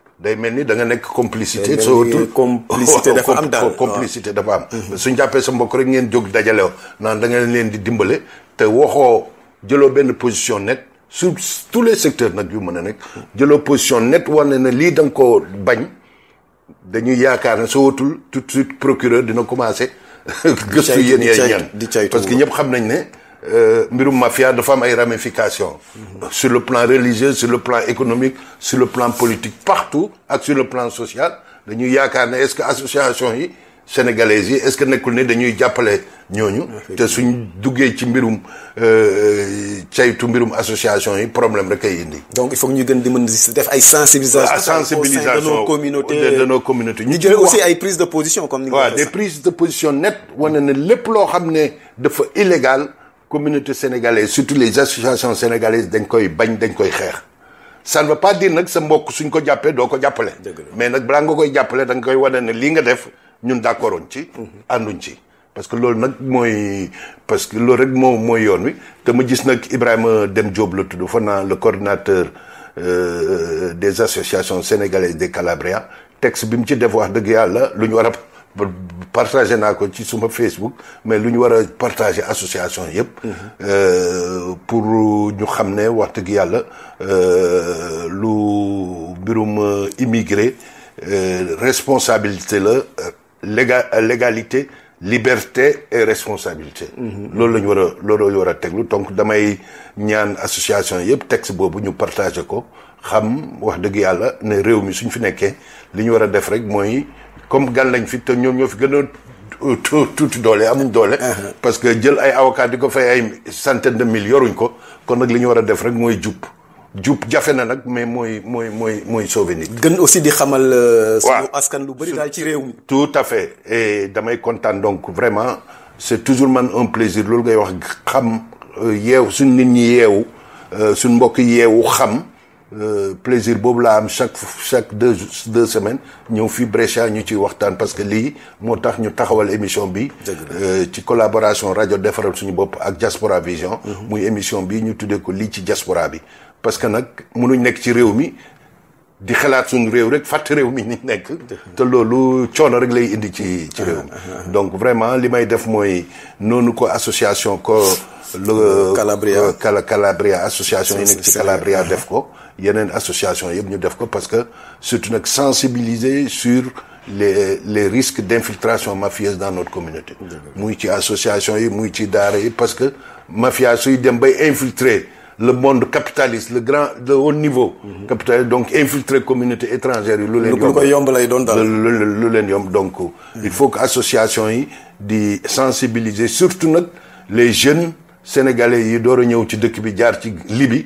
day mel ni da nga nekk complicité. surtout complicité dafa am daal complicité ah. dafa am. Mm-hmm. suñ jàppee sa mbokk rek ngeen jóg dajale naan da ngeen leen di dimbale te waxoo jëloo benn position net su tous les secteurs nag yu mën a nekk. Mm-hmm. jëloo position net wane na lii danga nga koo bañ dañuy yaakaar ne soo watul tout de suite procureur dina commencé. gëstu yéen yéen ñan di parce que ñëpp xam nañ ne. Euh, mbirum mafia de femmes ay ramifications. sur le plan religieux sur le plan économique sur le plan politique partout et sur le plan social est-ce que l'association est-ce que donc il faut sensibilisation. Ah, de nos communautés de nos communautés. aussi de position comme des prises de position nettes illégal communauté sénégalaise surtout les associations sénégalaises dañ koy bañ dañ ça ne veut pas dire que c'est mbokk suñ ko jàppee doo ko jàppale mais nag balaa nga koy jàppale da nga koy wane ne lii nga def ñun d'accordoon ci mhm. ànduñ ci parce que loolu nak moy parce que loolu rek moo mooy yoon wi te ma gis nak Ibrahima Dem job la tudd fa le coordinateur euh, des associations sénégalaises des Calabria texte bi mu ci def wax dëgg yàlla lu partagé naa ko ci suma Facebook mais luñu wara partager association yëpp. Euh, pour ñu xamné ne wax dëgg yàlla euh, lu birum euh, immigré responsabilité la légalité liberté et responsabilité. Mhm. loolu lañu wara war a loolu la ñu teglu donc damay ñaan association yëpp texte bobu ñu partager ko xam wax deug yalla ne réew mi suñ fi nekkee li ñu war def rek mooy comme gan lañ fi te ñoom ñoo fi gëna a euh, tuuti doole amuñ doole. Uh-huh. parce que jël ay avocat diko fay ay centaine de mille yoruñ ko kon nak li ñu wara def rek moy jup jup jafe na nag mais moy moy moy moy sauver nit. gën aussi di xamal. Euh, suñu askan lu bari dal ci réew mi. tout à fait et damay content donc vraiment c'est toujours man un plaisir loolu ngay wax xam euh, yew suñ nit ñi yeewu suñ mbokk yeewu xam. Euh, plaisir bob laa am chaque chaque deux deux semaines ñëw fi Brescia ñu ci waxtaan parce que li motax ñu taxawal émission bi euh, ci collaboration radio defaral suñu bopp ak Diaspora Vision mhm. muy émission bi ñu tuddee ko li ci diaspora bi parce que nak mënuñ nekk ci réew mi di xalaat suñu réew rek fat réew mi ni nekk te lolu choono rek lay indi ci ci réew mi ah, ah, ah. donc vraiment li may def moy nonu ko association ko le Calabria euh, Calabria association yi ci Calabria def ko yeneen association yeb ñu def ko parce que surtout une sensibiliser sur les les risques d'infiltration mafieuse dans notre communauté muy ci association yi muy ci daara yi parce que mafia suy dem bay infiltrer le monde capitaliste le grand de haut niveau mhm. capitaliste donc infiltrer communauté étrangère lu leen donc mhm. il faut que association yi di sensibiliser surtout les jeunes sénégalais yi door ñew ci dëkk bi jaar ci Libye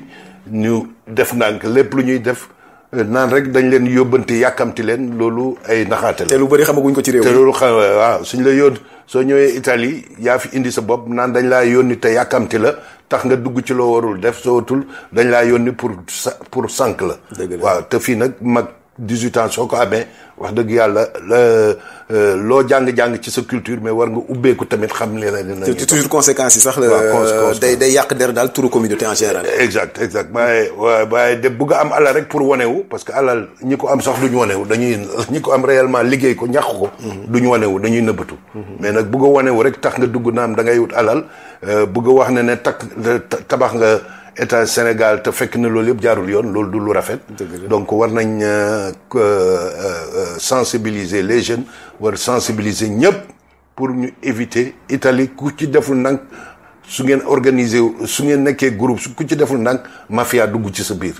ñu def ndànk lépp lu ñuy def euh, naan rek dañ leen yóbbante yàkkamti leen loolu ay naxaate la. te lu bëri xamaguñ ko ci réew te loolu xam waaw suñ la yoon soo ñëwee Italie yaa fi indi sa bopp naan dañ laa yónni te yàkkamti la tax nga dugg ci loo warul def sootul dañ laa yónni pour sa pour sànq la. waaw te fii nag mag. 18 ans soo ko amee wax dëgg yàlla la euh, loo jàng-jàng ci sa culture mais war nga ubbeeku tamit xam li la dina te toujours conséquences yi sax la euh, day day yàq der daal tour communauté en général exact exact waaye waaye de bugg am alal rek pour wanewu parce que alal ñi ko am sax duñu wanewu dañuy ñi ko am réellement liggéey ko ñàq ko mhm. duñu wanewu dañuy nëbbatu mhm. mais nag bugg a wanewu rek tax nga dugg naam da ngay wut alal euh, bugg wax na ne takk tabax nga état Sénégal te fekk na loolu yëpp jaarul yoon loolu du lu rafet. donc war nañ euh, euh, euh, sensibiliser les jeunes war sensibiliser ñëpp pour ñu éviter Italie ku ci deful nag su ngeen organiser su ngeen nekkee groupe ku ci deful nag mafia dugg ci sa biir.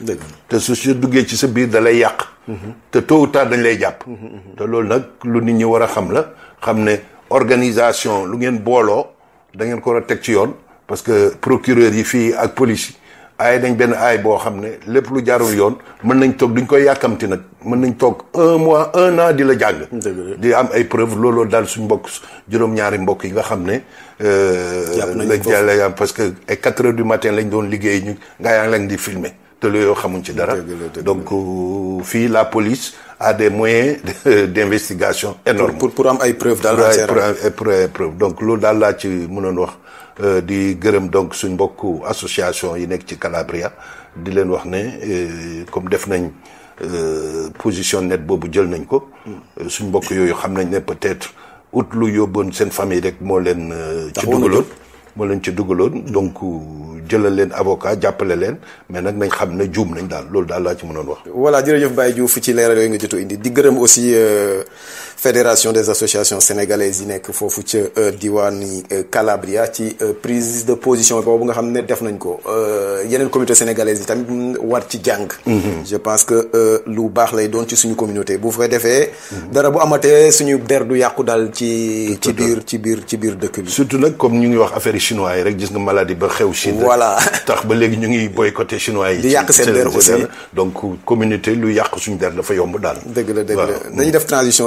te su su duggee ci sa biir da lay yàq. Mhm. te tôt ou tard dañ lay jàpp. Mhm, mhm, te loolu nag lu nit ñi war a xam la xam ne organisation lu ngeen booloo da ngeen ko war a teg ci yoon. parce que procureur yi fii ak police aay dañ benn aay boo xam ne lépp lu jaarul yoon mën nañ toog duñ koy yàkkamti nag mën nañ toog un mois un an di la jàng di am ay preuve looloo daal suñ mbokk juróom-ñaari mbokk yi nga xam ne euh, lañ jàll parce que ay quatre heures du matin lañ doon liggéey ñu nga yaa ngi di filme te lu yoo ci dara donc euh, fi la police a des moyens d'investigation énormes pour pour am ay preuves daal pour pour, preuves donc loolu daal laa ci mënoon wax euh, di gërëm donc suñ mbokku association yi nekk ci Calabria di leen wax ne euh, comme def nañ position net boobu jël nañ ko suñ mbokk yooyu xam nañ ne peut-être ut lu yóbboon seen famille rek moo leen ci dugaloon moo leen ci dugaloon donc jëlal leen avocat jàppale leen mais nag nañ xam ne juum nañ daal loolu daal laa ci mënoon wax. voilà jërëjëf Baye Diouf ci leeral yooyu nga jot indi di gërëm aussi. Euh, fédération des associations sénégalaises yi fofu fait euh, euh, Calabria euh, prise de position bobu nga communauté sénégalaise yi war mhm. je pense que lu de lay communauté bu dara bu suñu ci ci ci surtout comme ñu ngi wax affaire chinois rek gis nga maladie ba xew tax ba ñu ngi chinois donc communauté lu suñu der dafa yomb la transition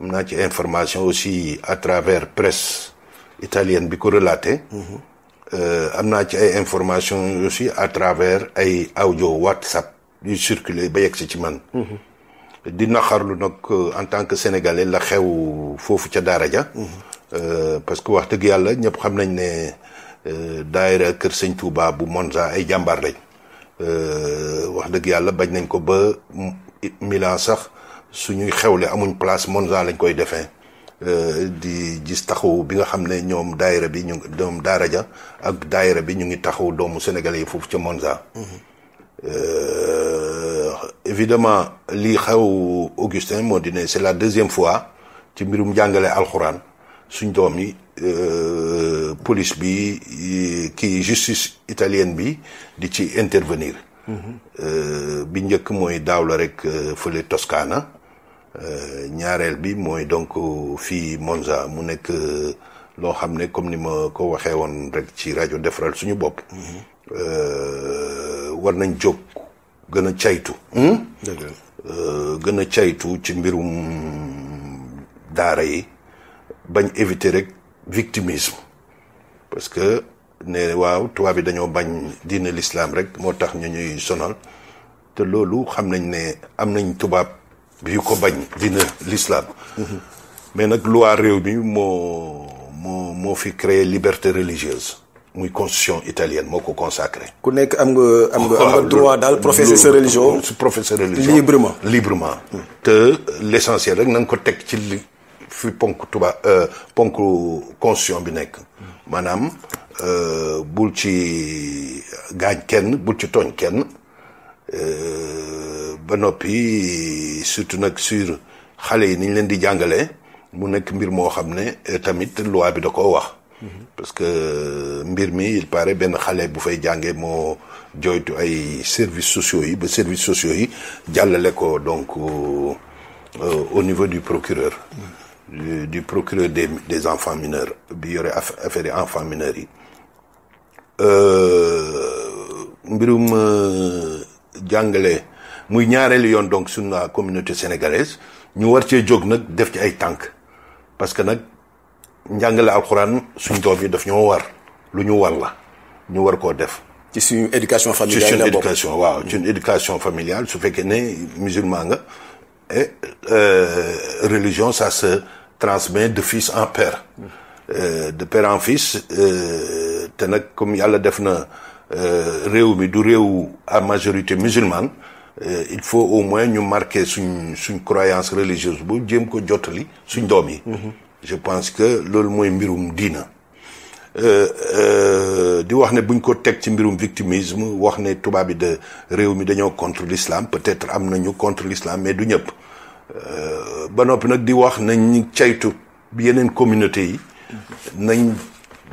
amna ci information aussi à travers presse italienne bi ko relaté. euh amna ci ay information aussi à travers ay audio WhatsApp yu circulé ba yex ci man. di naxarlu nag euh, en tant que sénégalais la xew fofu ca daara ja euh, parce que wax deug yalla ñep xam nañ ne euh, daayira keur seigne Touba bu Monza ay jambar lañ. wax deug yalla bañ nañ ko ba Milan sax. suñuy xewle amuñ place Monza lañ koy defee euh, di gis taxaw bi nga xam ne ñoom daayira bi ñu doom daara ja ak daayira bi ñu ngi taxaw doomu sénégalais yi foofu ca Monza. Euh, évidemment lii xew Augustin moo di ne c'est la deuxième fois ci mbirum jàngale alxuraan suñ doom yi euh, police bi kii justice italienne bi di ci intervenir. Mm-hmm. bi njëkk mooy daaw la rek fële Toscana. Euh, ñaareel bi mooy donc fii Monza mu nekk euh, loo xam ne comme ni ma ko waxee woon rek ci rajo defaral suñu bopp. Mhm. Euh, war nañ jóg gën a caytu. Mhm. Hmm? gën a caytu ci mbirum daara yi bañ éviter rek victimisme parce que ne waaw tubaab bi dañoo bañ diine lislaam rek moo tax ñu ñuy sonal te loolu xam nañ ne am nañ tubaab. yu ko bañ dina l'islam mais nak loi réew mi mo mo moo fi créer liberté religieuse muy constitution italienne moko consacrer ku nek am nga am nga am nga droit dal professeur sa religion professer religion librement librement te l'essentiel rek na nga ko teg ci li fi ponk tuba euh, ponk constitution bi nek manam euh bul ci gañ kenn bul ci tooñ kenn euh, ba noppi surtout nag sur xale yi ni ñu leen di jàngalee mu nekk mbir moo xam ne euh, tamit loi bi da koo wax. parce que euh, mbir mi il paraît benn xale bu fay jàngee moo joytu ay services sociaux yi ba services sociaux yi jàllale ko donc au niveau du procureur. du procureur des des enfants mineurs bi yore affaire yi enfants mineurs yi. mbirum jàngale muy ñaareelu yoon donc sunna communauté sénégalaise ñu war cee jóg nag def ci ay tànk parce que nag njàngale alxuraan suñ doom yi daf ñoo war lu ñu war la ñu war koo def. ci suñu éducation familiale ci suñu éducation waaw ci suñu éducation familiale su fekkee ne musulman nga et euh, religion ça se transmet de fils en père euh, de père en fils euh, te nag comme yàlla def na. Euh, réew mi du réew à majorité musulmane euh, il faut au moins ñu marquer suñ suñ croyance religieuse bu jëm ko jotali suñ doom yi mhm. je pense que loolu moy mbirum diina euh, di wax ne buñ ko tek ci mbirum victimisme wax ne tuba bi de réew mi dañoo contre l'islam peut-être am nañu contre l'islam mais du ñëpp ba noppi nag di wax nañ caytu yeneen communauté yi nañ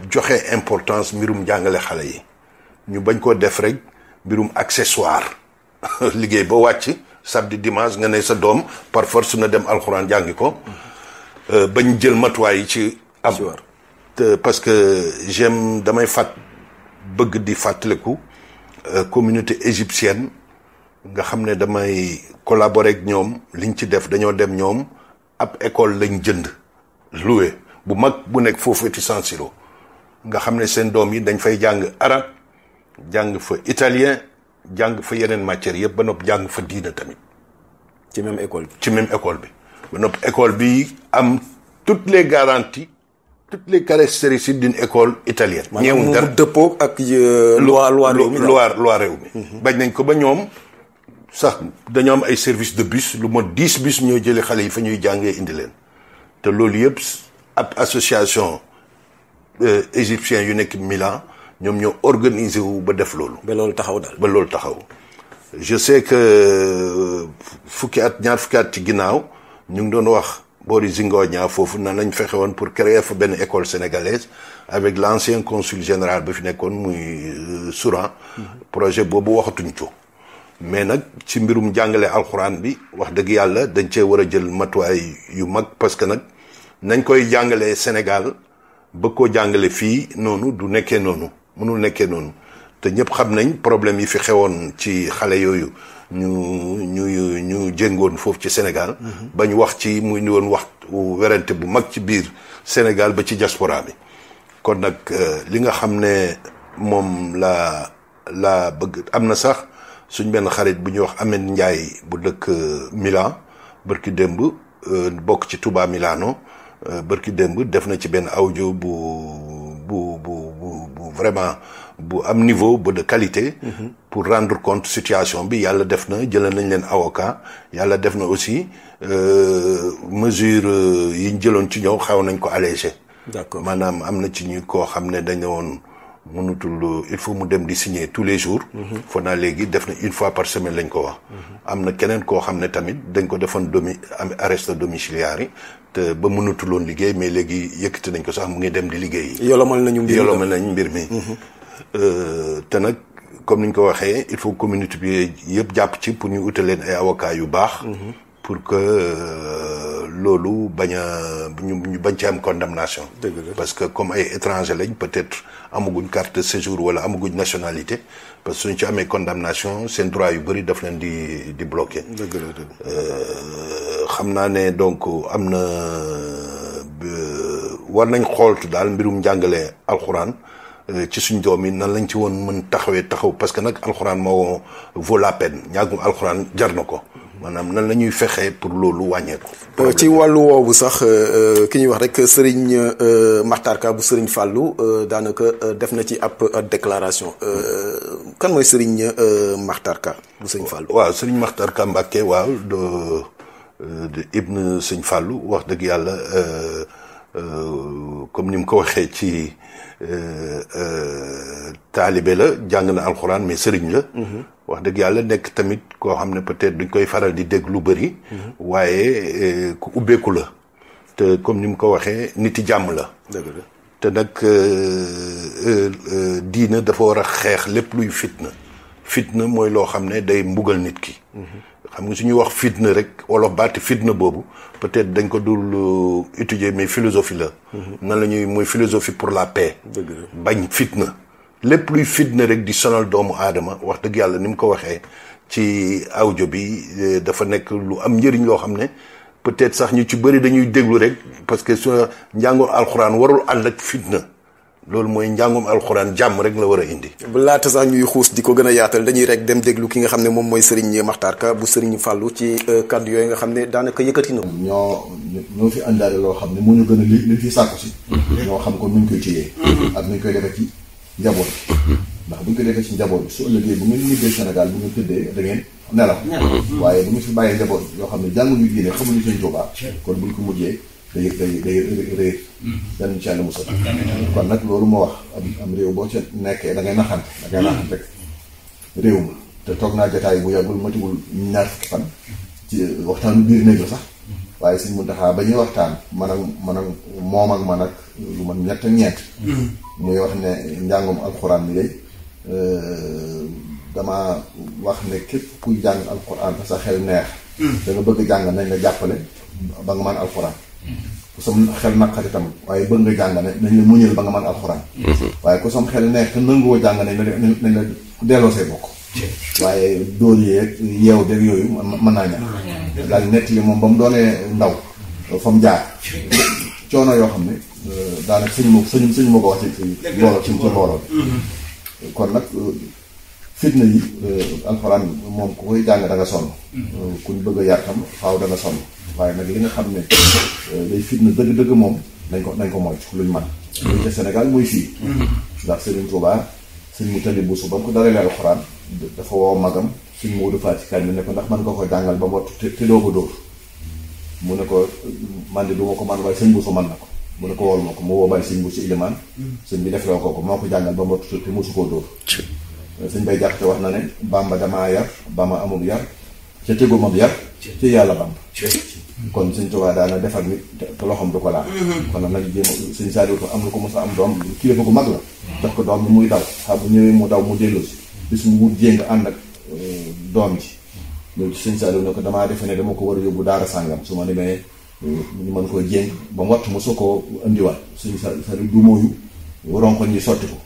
joxe importance mbirum jàngale xale yi ñu bañ koo def rek mbirum accessoire liggéey ba wàcc samedi dimanche nga ne sa doom par force na dem alxuraan jàngi ko euh, bañ jël matuwaay yi ci am te parce que j'aime damay fàtt bëgg di fàttaliku euh, communauté égyptienne nga xam ne damay collaborer ak ñoom liñ ci def dañoo dem ñoom ab école lañ jënd loué bu mag bu nekk foofu ci San Siro nga xam ne seen doom yi dañ fay jàng arab jàng fa italien jàng fa yeneen matière yëpp ba matière... fa tamit. ci même école ci même école école toutes les garanties toutes les caractéristiques d'une école italienne. ak. Euh, loi loi loi loi bañ de bus bus yi fa ñuy association euh, égyptien yu Milan ñom ñoo organiser wu ba def loolu. ba loolu taxaw dal ba loolu taxaw. je sais que euh, fukki at ñaar fukki at ci ginnaaw ñu ngi doon wax boori Zingoña foofu nan lañ fexe woon pour créer fa benn école sénégalaise avec l' ancien consul général bi fi nekkoon muy euh, Souran. projet boobu waxatuñ ko. mais nag ci mbirum jàngale alxuraan bi wax dëgg yàlla dañ cee war a jël matuwaay yu mag parce que nag nañ koy jàngalee Sénégal bëgg koo jàngale fii noonu du nekkee noonu. mënul nekkee noonu te ñëpp xam nañ problème yi fi xewoon ci xale yooyu ñu ñu ñu jëngoon foofu ci Sénégal. Mhm. ba ñu wax ci mu ñu woon wax werante bu mag ci biir Sénégal ba ci jaspora bi. kon nag euh, li nga xam ne moom laa laa bëgg am na sax suñ benn xarit bu ñuy wax Ameth Ndiaye bu dëkk euh, Milan bërki dëmb euh, bokk ci Touba Milano bërki démb def na ci benn aw bu bu bu. vraiment bu am niveau bu de qualité. pour rendre compte situation bi yalla def na jëlee nañ len avocat yalla def na aussi euh, mesure euh, yiñ ñu ci ñëw xaw nañ ko alléger. d'accord manam amna ci ñi ko xamné ne dañu woon mënutul euh, il faut mu dem di signer tous les jours. Mhm. foog naa léegi def na une fois par semaine lañ ko wax. Mhm. amna na keneen koo xam tamit dañ ko defon domi arrest domiciliaire te ba mënutuloon liggéey mais l'égui yëkkati nañ ko sax mu ngi dem di liggéey. yolomal nañu mbir mi yolomal nañu mbir mi. Mhm. Euh, te nak comme niñ ko waxé il faut communauté bi yëpp jàpp ci pour ñu utal leen ay avocat yu bax pour que euh, lolu baña a ñu bañ ci am condamnation. parce que comme ay étranger lañ peut-être une carte de séjour wala une nationalité parce que suñ ci amee condamnation seen droit yu bëri daf leen di di bloqué. dëgg la euh, xam naa donc amna, euh, war nañ xooltu dal, mbirum njàngale alxuraan. Euh, ci suñ doom yi nan lañ ci woon mën taxawee taxaw parce que nag alxuraan moo vaut la peine ñàggum alxuraan jar na ko manam nan la ñuy fexee pour loolu wàññeeku. ci walu woowu sax euh, euh, ki ñuy wax rek Serigne euh, Makhtar Ka bu Serigne Fallou danaka def na ci ap déclaration kan moy Serigne Makhtar Ka bu Serigne fallu wa Serigne Makhtar Ka Mbacké waaw de de Ibn Serigne fallu wax deug dëgg euh comme ni ko waxé ci. taalibe la jàng na alxuraan mais sëriñ la. wax dëgg yàlla nekk tamit koo xam ne peut-être duñ koy faral di dégg lu bëri. waaye euh, ku ubbeeku la. te comme ni mu ko waxee niti jàmm la. te nag euh, euh, diina dafa war a xeex lépp luy fitna. fitna mooy loo xam ne day mbugal nit ki. xam nga su wax fitna rek fitna peut-être euh, étudier mais philosophie la. Mhm. nan la philosophie pour la paix. bañ fitna. lépp fitna rek di sonal doomu aadama wax dëgg yàlla ni ko waxee ci audio bi euh, dafa peut-être sax ñu parce que fitna. loolu mooy njàngum alxuraan jàmm rek la war a indi. laata sax ñuy xuus di ko gën a yaatal dañuy rek dem déglu ki nga xam ne moom mooy Serigne Makhtar Ka bu Serigne Fallou ci euh, kàddu yooyu nga xam ne daanaka yëkkati na. ñoo ñoo fi àndaale loo xam ne moo ñu gën li li fi sàkku si. ñoo xam ko nuñ koy téyee. ak nuñ koy defee ci njaboot bi. ndax buñ koy defee ci njaboot bi su ëllëgee bu ngeen liggéey senegal bu ngeen tëddee da ngeen nelaw. waaye bu ñu fi bàyyee njaboot yoo xam ne jànguñu diine xamuñu seen Tuubaa kon buñ ko mujjee day day day réer. yan ci yàlla musal. kon nag loolu moo wax am réew boo ca nekkee da ngay naxante. da ngay naxante rek réew ma. te toog naa jotaay bu yàggul matiwul ñaar fukki fan. ci waxtaanu biir néeg la sax. Mm-hmm. waaye suñ mun taxaa ba ñuy waxtaan man ak man ak moom ak man ak lu man ñett ñeent. Mm-hmm. muy wax ne njàngum alxuraan bi day euh, damaa wax ne képp ku jàng alxuraan sa xel neex. Mm-hmm. da bëgg jàng nañ la jàppale ba nga mën alxuraan. ku sam xel naqari tam waaye bëgg nga jàngane nañ la muñal ba nga man alxuraan mhm. waaye ku sam xel neex te nanguwoo jàngane nañ nañ la delloo say bokk waaye dóor yeeg yeew deg yooyu mën naa ñàkk daal nett li moom ba mu doonee ndaw fa mu jaar coono yoo xam ne euh, daanaka sëñ ma sëñ sëñ ma ko wax ci mbooloo ci mbooloo bi mhm. kon nag euh, fitna yi euh, alxuraan moom ku koy jàng da nga sonn mhm. kuñ bëgg a yar tam faaw da sonn waaye nag li nga xam ne euh, day fitna dëgg-dëgg moom nañ ko dañ ko moytu luñ mën luñ ca Sénégal mooy fii mm-hmm. ndax Serigne Touba Serigne Moutali Bousso ba mu ko daralee alxuraan dafa woo magam Serigne Modou Fati Kan ne ko ndax mën nga ko jàngal ba mott te doo ko dóor mu ne ko man de du ma ko man waaye Serigne Bousso man na mu ne ko wool ma ko mu woo bàyyi Serigne Bousso Iliman mm-hmm. Serigne bi defloo ko ko moo jàngal ba mott te mosu koo dóor Serigne Bay Jaxate wax na ne Bamba damaa yar Bamba amul yar ca tegu moom yar ci yàlla Bamba kon suñ tubaa daana defar nit te loxoom du ko laal mm-hmm. kon nag jéem a suñ saaliwu ko am lu ko mos sa am doom kilifa gu mag la jox ko doom bi muy daw xam bu ñëwee mu daw mu dellu si bis mu wut ànd ak euh, doom ji loolu ci suñ saaliwu ko damaa defe ne dama ko war a yóbbu daara sàngam su ma demee euh, ñu mën koo jéng ba mu wattu mu su ko indiwaat suñ saaliwu du mooyu waroon ko ñi sotti ko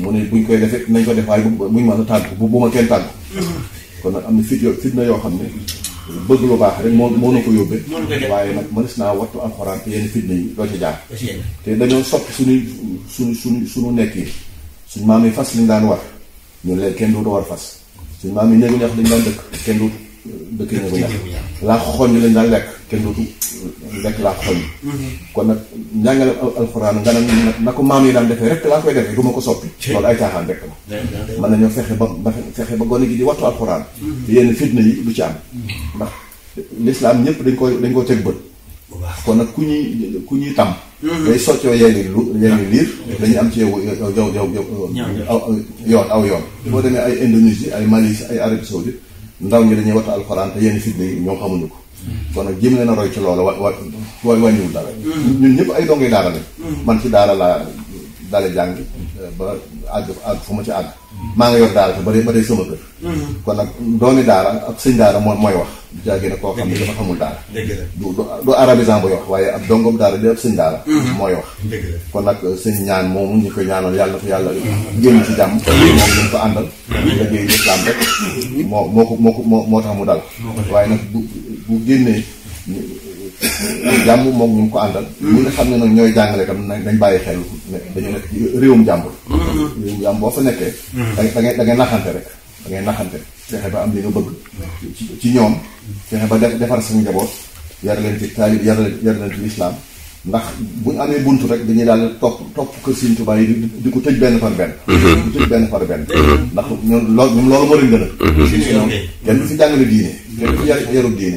mu ne buñ koy defee nañ ko def waaye buñ man a tànk bu bu ma kenn tànk mm-hmm. kon nag am na fit yo fit na yoo xam ne bëgg lu baax rek moo moo na ko yóbbee waaye nag mënees naa wattu alxuraan te yenn fitna yi doo ci jaar te dañoo soppi suñuy suñu suñu suñu nekk yi suñ maam yi fas liñ daan war ñun léegi kenn du war fas suñ maam yi néegu ñax dañ daan dëkk kenn du dëkk yëngu ñax laa xoñ lañ daan lekk kenn dootu lekk laa xoñ kon nag njàngale alxuraan nga ne na ko maam yi daan defee rek laa koy defee du ma ko soppi loolu ay caaxaan rek man na nañoo fexe ba ba fexe ba gone gi di wattu alxuraan te mm-hmm. yenn fitna yi du ci am mm-hmm. ndax lislaam ñëpp dañ koy dañ ko teg bët kon nag ku ñuy ku ñuy tam mm-hmm. day soccoo yenn lu yenn liir dañuy am ci yow yow yow yow yoon aw yoon boo demee ay Indonésie ay Malaisie ay Arabie Saoudite ndaw ñi dañuy wattu alxuraan te yenn fitna yi ñoom xamuñu ko kon nag jéem leen a roy ci loolu wa wa wàññiwul dara mm-hmm. ñun ñëpp ay dongay daara lañ mm-hmm. man ci daara laa daale jàng eh, ba àgg àgg fu ma ci àgg maa ngi yor daara ba ba dee sama kër. Mm-hmm. kon nag doomi daara ak sëñ daara mooy mooy wax. du jaage ne koo xam ne dafa xamul daara. dëgg la du du arabisant buy waaye ab dongom daal di ab sëñ daara. Mm-hmm. mooy wax. kon nag euh, sëñ ñaan moomu ñu koy ñaanal yàlla ko yàlla génn mm-hmm. ci jàmm. moom moo moo ko moo ko moo tax mu dal. waaye nag bu bu génnee. jàmm moom ñu ko àndal. ñi nga xam ne nag ñooy jàngale itam nañ bàyyi xel dañu nekk ci réewum jàmbur. réewum jàmbur boo fa nekkee. da ngay da ngay naxante rek da ngay naxante fexe ba am li nga bëgg. ci ñoom fexe ba defar suñu njaboot yar leen ci taalib yar leen yar leen ci lislaam ndax bu ñu amee buntu rek dañuy daal topp topp kër Sëriñ Tuubaa di di ko tëj benn par benn. Mhm. di ko tëj benn par benn. ndax ñoom loolu ñoom loolu moo leen gën a. Mhm. kenn du jàngale diine. kenn du fi yar yaru diine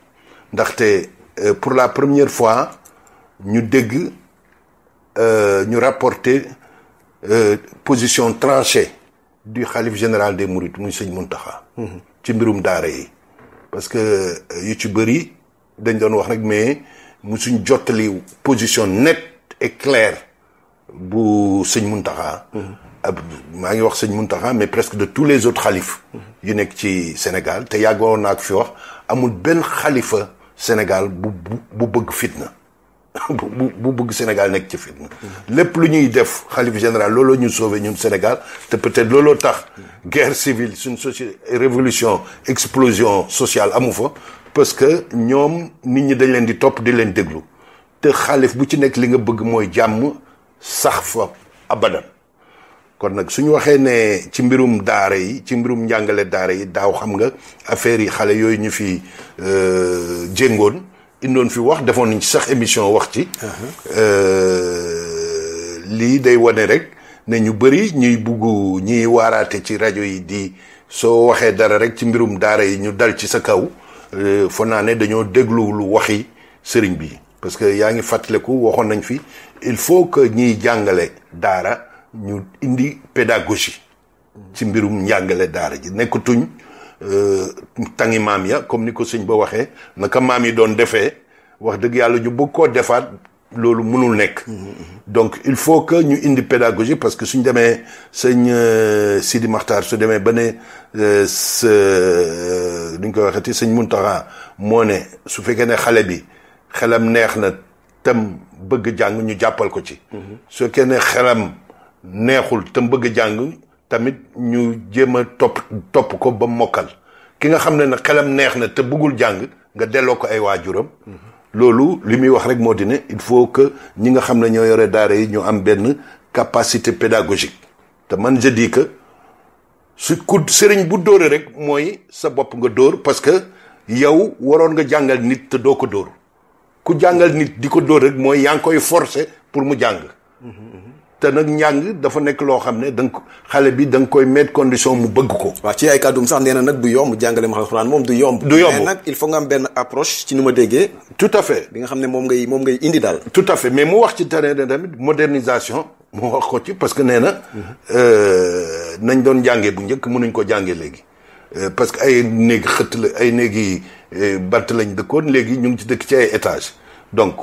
ndaxte euh, pour la première fois ñu dégg euh, ñu rapporter euh, position tranchée du Khalif général des Mourides muy sëñ Muntaxa ci mbirum daara yi parce que yu ci bëri dañ doon wax rek mais musuñ position nette et claire bu sëñ Muntaxa ab maa ngi wax sëñ Muntaxa mais presque de tous les autres Khalif yu nekk ci Sénégal te yàggoon naa ko fi wax amul Sénégal bu bu bëgg fitna bu bu bëgg Sénégal nek ci fitna lepp lu ñuy def Khalif général lolo ñu sauvé ñun Sénégal te peut-être lolo tax guerre civile une société révolution explosion sociale amu fa parce que ñoom nit ñi dañ leen di top di leen déglu te xalif bu ci nekk li nga bëgg mooy jàmm sax fa abadan kon nag suñu waxee ne ci mbirum daara yi ci mbirum njàngale daara yi daaw xam nga affaire yi xale yooyu ñu fi euh, jéngoon indoon fi wax defoon nañ ci sax émission wax ci uh-huh. euh, lii day wane rek ne ñu bëri ñuy bugg ñuy waaraate ci rajo yi di soo waxee dara rek ci mbirum daara yi ñu dal ci sa kaw euh, fo naa ne dañoo dégluwul waxi sëriñ bi parce que yaa ngi fàttaliku waxoon nañ fi il faut que ñiy jàngale daara ñu indi pédagogie ci mbirum njàngale daara ji nekkatuñ euh, tangi maam ya comme ni ko sëñ ba waxee naka maam yi doon defee wax dëgg yàlla ñu bëgg koo defaat loolu mënul nekk donc il faut que ñu indi pédagogie parce que suñ demee sëñ euh, Sidi maxtar su demee ba ne euh, sa duñ koy waxee waxati sëñ Muntaxa moo ne su fekkee ne xale bi xelam neex na tam bëgg jàng ñu jàppal ko ci mm-hmm. su fekkee xelam neexul te bëgg jàng tamit ñu jéem a topp topp ko ba mokkal ki nga xam ne na xelam neex na te bëggul jàng nga delloo ko ay waajuram loolu li muy wax rek moo di ne il faut que ñi nga xam ne ñoo yore daara yi ñu am benn capacité pédagogique te man je dis que su ku sëriñ bu dóoree rek mooy sa bopp nga dóor parce que yow waroon nga jàngal nit te doo ko dóor ku jàngal nit di ko dóor rek mooy yaa ngi koy forcer pour mu jàng mm-hmm, mm-hmm. te nag njàng dafa nekk loo xam ne da nga xale bi da koy mettre condition mu bëgg ko. waa ci ay kàddum sax nee na nag du yomb jàngale ma alxuraan moom du yomb. du yomb mais nag il faut nga am benn approche ci ni ma déggee. tout à fait bi nga xam ne moom ngay moom ngay indi daal. tout à fait mais mu wax ci terrain de tamit modernisation wax ko ci parce que nee na euh, nañ doon jàngee bu njëkk mënuñ ko jàngee léegi. Euh, parce que ay néegi xëtt la ay néegi euh, bant lañ dëkkoon léegi ñu ngi ci dëkk ci ay étage donc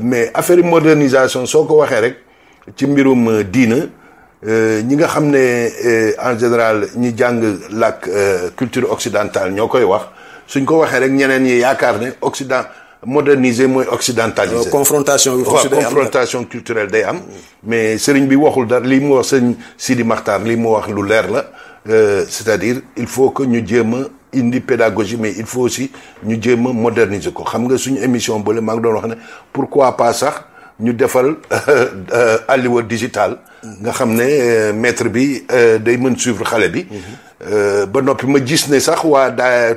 mais affaire modernisation soo ko waxee rek. ci mbirum euh, diina euh, ñi nga xam ne euh, en général ñi jàng làkk culture occidentale ñoo koy wax suñ ko waxee rek ñeneen ñi yaakaar ne occident moderniser mooy occidentaliser confrontation bi confrontation culturelle day am. mais sëriñ bi waxul dara lii mu wax sëriñ Sidi Maxtaar lii mu wax lu leer la c'est-à-dire il faut que ñu jéem a indi pédagogie mais il faut aussi ñu jéem a moderniser ko xam nga suñu émission boole maa ngi doon wax ne pourquoi pas sax. ñu defal euh, euh, alliwa digital nga xam ne euh, maître bi day mën suivre xale bi mhm. ba noppi ma gis ne sax waa daa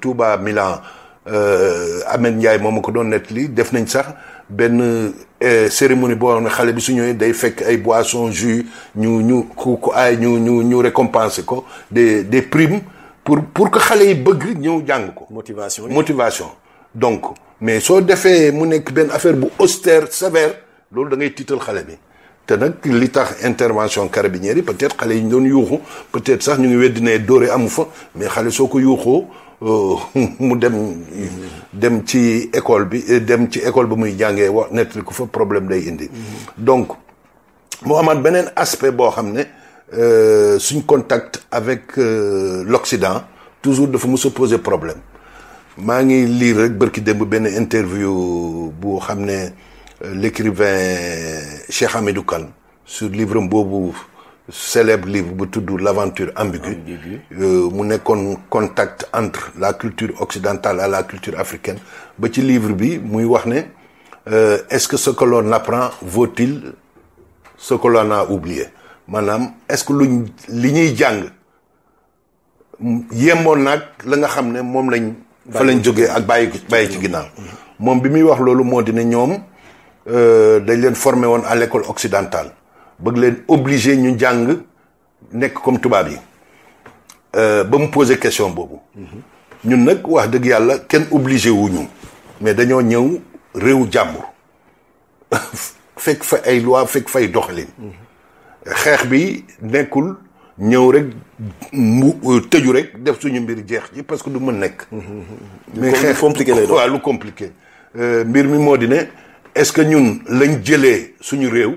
Touba Milan Ahmed Ndiaye moom ma ko doon nettali def nañ sax benn cérémonie boo xam ne xale bi su day fekk ay boissons jus ñu ñu ku ku ay ñu ñu ñu ko des des primes pour pour que xale yi bëgg ñëw jàng ko motivation motivation donc mais soo defee mu nekk benn affaire bu austère sévère loolu da ngay tiital xale bi te nag li tax intervention carabinieri yi peut-être xale yi ñu doon yuuxu peut-être sax ñu ngi weddi ne dóore amu fa mais xale soo ko yuuxoo euh, mu dem dem ci école bi euh, dem ci école bi muy jàngee wax nettali ko fa problème day indi donc mu amaat beneen aspect boo xam ne euh, suñ contact avec l'Occident toujours dafa mos a poser problème maa ngi lire rek bërki démb benn interview bu xam euh, l'écrivain Cheikh Ahmedou Kane sur livre boobu célèbre livre bu tudd l'aventure ambiguë euh, mu nekkoon contact entre la culture occidentale à la culture africaine ba ci livre bi muy wax euh, est-ce que ce que l'on apprend vaut-il ce que l'on a oublié Madame, est-ce que luñ li ñuy jàng yemboon nag la nga xam lañ fa lañ jógee ak bàyyi bàyyi ci ginnaaw. moom bi muy wax loolu moo di ne ñoom euh, dañ leen formé woon à l'école occidentale bëgg leen obligé ñu jang nekk comme tubaab yi euh, ba mu posé question boobu. ñun nag wax dëgg yàlla ken obligé wuñu mais dañoo ñëw réew jàmbur fekk fa ay loi fekk fay doxalin. xex bi nekkul. ñëw rek mu euh, tëju rek def suñu mbir jeex ji parce que du mën nekk. mais xeex compliqué lay doon waaw lu compliqué. Euh, mbir mi moo di ne est-ce que ñun lañ jëlee suñu réew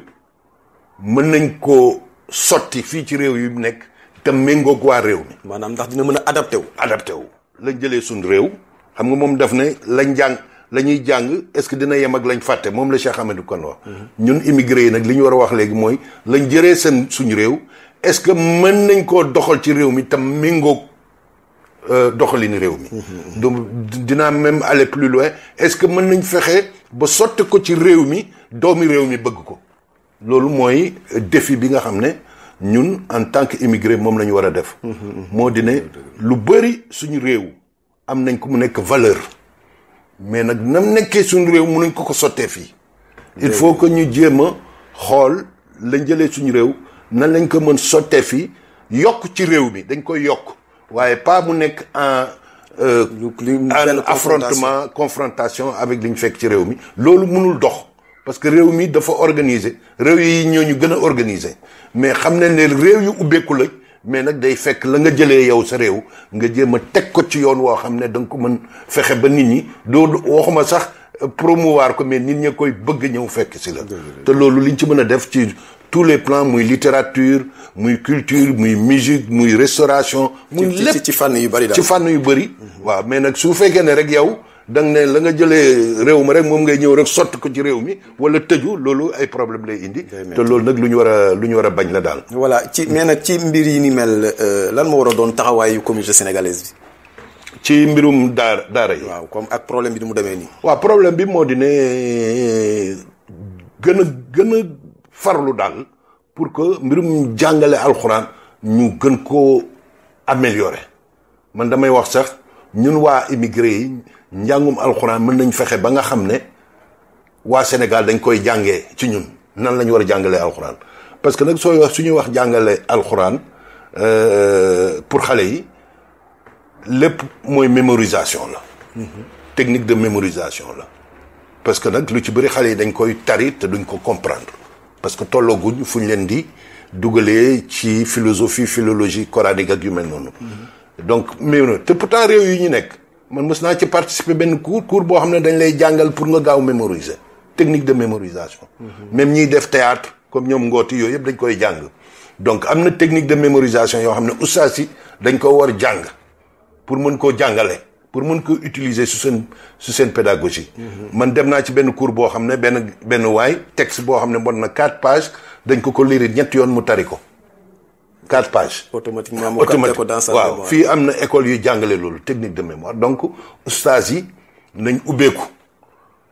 mën nañ ko sotti fii ci réew yu nekk te méngoog waa réew mi. maanaam ndax dina mën a adapté wu. adapté wu lañ jëlee suñu réew xam nga moom daf ne lañ jàng la ñuy jàng est-ce que dina yem ak lañ fàtte moom la Cheikh Hamidou Kane wax. Mhm. ñun immigré yi nag li ñu war a wax léegi mooy lañ jëlee seen suñu réew. est-ce que mën nañ koo doxal ci réew mi tam méngoo euh, doxalin réew mi. Mm-hmm, mm-hmm. donc dinaa même aller plus loin est-ce que mën nañ fexe ba sotti ko ci réew mi doomi réew mi bëgg ko. loolu mooy défi bi nga xam ne ñun en tant que immigré moom la ñu war a def. Mm-hmm, moo di lu bëri suñu réew am nañ ko mu nekk valeur mais nag nam nekkee suñu réew mu nañ ko ko sottee fii. il faut que ñu jéem a xool lañ jëlee suñu réew. nan lañ ko mën sottee fii yokk ci réew mi dañ koy yokk waaye pas mu nekk en euh, en affrontement confrontation avec li ñu fekk ci réew mi loolu mënul dox parce que réew mi dafa organiser réew yi ñoo ñu gën a organiser mais xam ne ne réew yu ubbeeku la mais nag day fekk la nga jëlee yow sa réew nga jël ma teg ko ci yoon woo xam ne danga ko mën fexe ba nit ñi doo waxuma sax promouvoir ko mais nit ña koy bëgg ñëw fekk si la te loolu li ñu ci mën a def ci tous les plans mouy littérature mouy culture mouy musique mouy restauration. muy lépp ci fànn yu bari da. ci fànn yu bari. Mm-hmm. Wa, mais nag su fekkee rek yow da ne la nga jëlee réew mi rek moom ngay ñëw rek sotti ko ci rew mi wala tëju loolu ay problème lay indi. te loolu nag lu wara, war wara lu la dal. Wala, ci mais nag ci mbir ni mel euh, lan moo war a doon taxawaayu communauté sénégalaise bi. ci mbirum daara daara yi. waaw comme ak problème bi ni mu demee nii. waaw problème bi moo di ne gën a gën farlu dal pour que mbirum jangale alquran ñu gën ko améliorer man damay wax sax ñun wa immigré yi njàngum mën nañ fexé ba nga xamné ne sénégal dañ koy jangé ci ñun nan lañ wara a alquran parce que nak sooy wax suñu wax alquran euh pour xalé yi lepp moy mémorisation la technique de mémorisation la parce que nak lu ci bari xalé yi dañ koy tari te duñ ko comprendre parce que tollooguñ fuñ len di dougalé ci philosophie philologie coranique ak yu mel donc mais te pourtant rew yi ñu nek man mës naa ci participer ben cours cours bo xamné dañ lay jàngal pour nga gaaw mémoriser technique de mémorisation. Mhm. même ñi def théâtre comme ñom ngoti yooyu yëpp dañ koy jàng. donc amna technique de mémorisation yo xamné ne yi dañ ko war jàng pour mën ko jàngale pour mën ko utiliser sur seen sur seen pédagogie. man dem naa ci ben cours bo xam ben ben benn waay texte bo xam ne bon na quatre pages dañ ko ko lire ñet yoon mu tari ko quatre pages. automatiquement mu capté ko dans sa mémoire fi amna école yu jàngale lool technique de mémoire donc ustaas yi nañ ubbeeku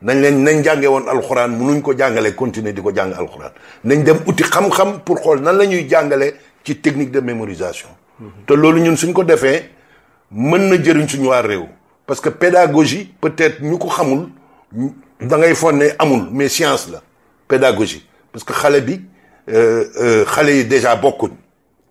nañ leen nañ jànge woon alxuraan munuñ ko jàngale continuer di ko jàng alxuraan nañ dem uti xam-xam pour xool nan la ñuy jàngale ci technique de mémorisation. Mm-hmm. te loolu ñun suñ ko defee mën na jëriñ suñu waa réew parce que pédagogie peut-être ñu ko xamul da ngay fonne amul mais science la pédagogie parce que xale bi euh, euh, xale yi déjà bokkuñ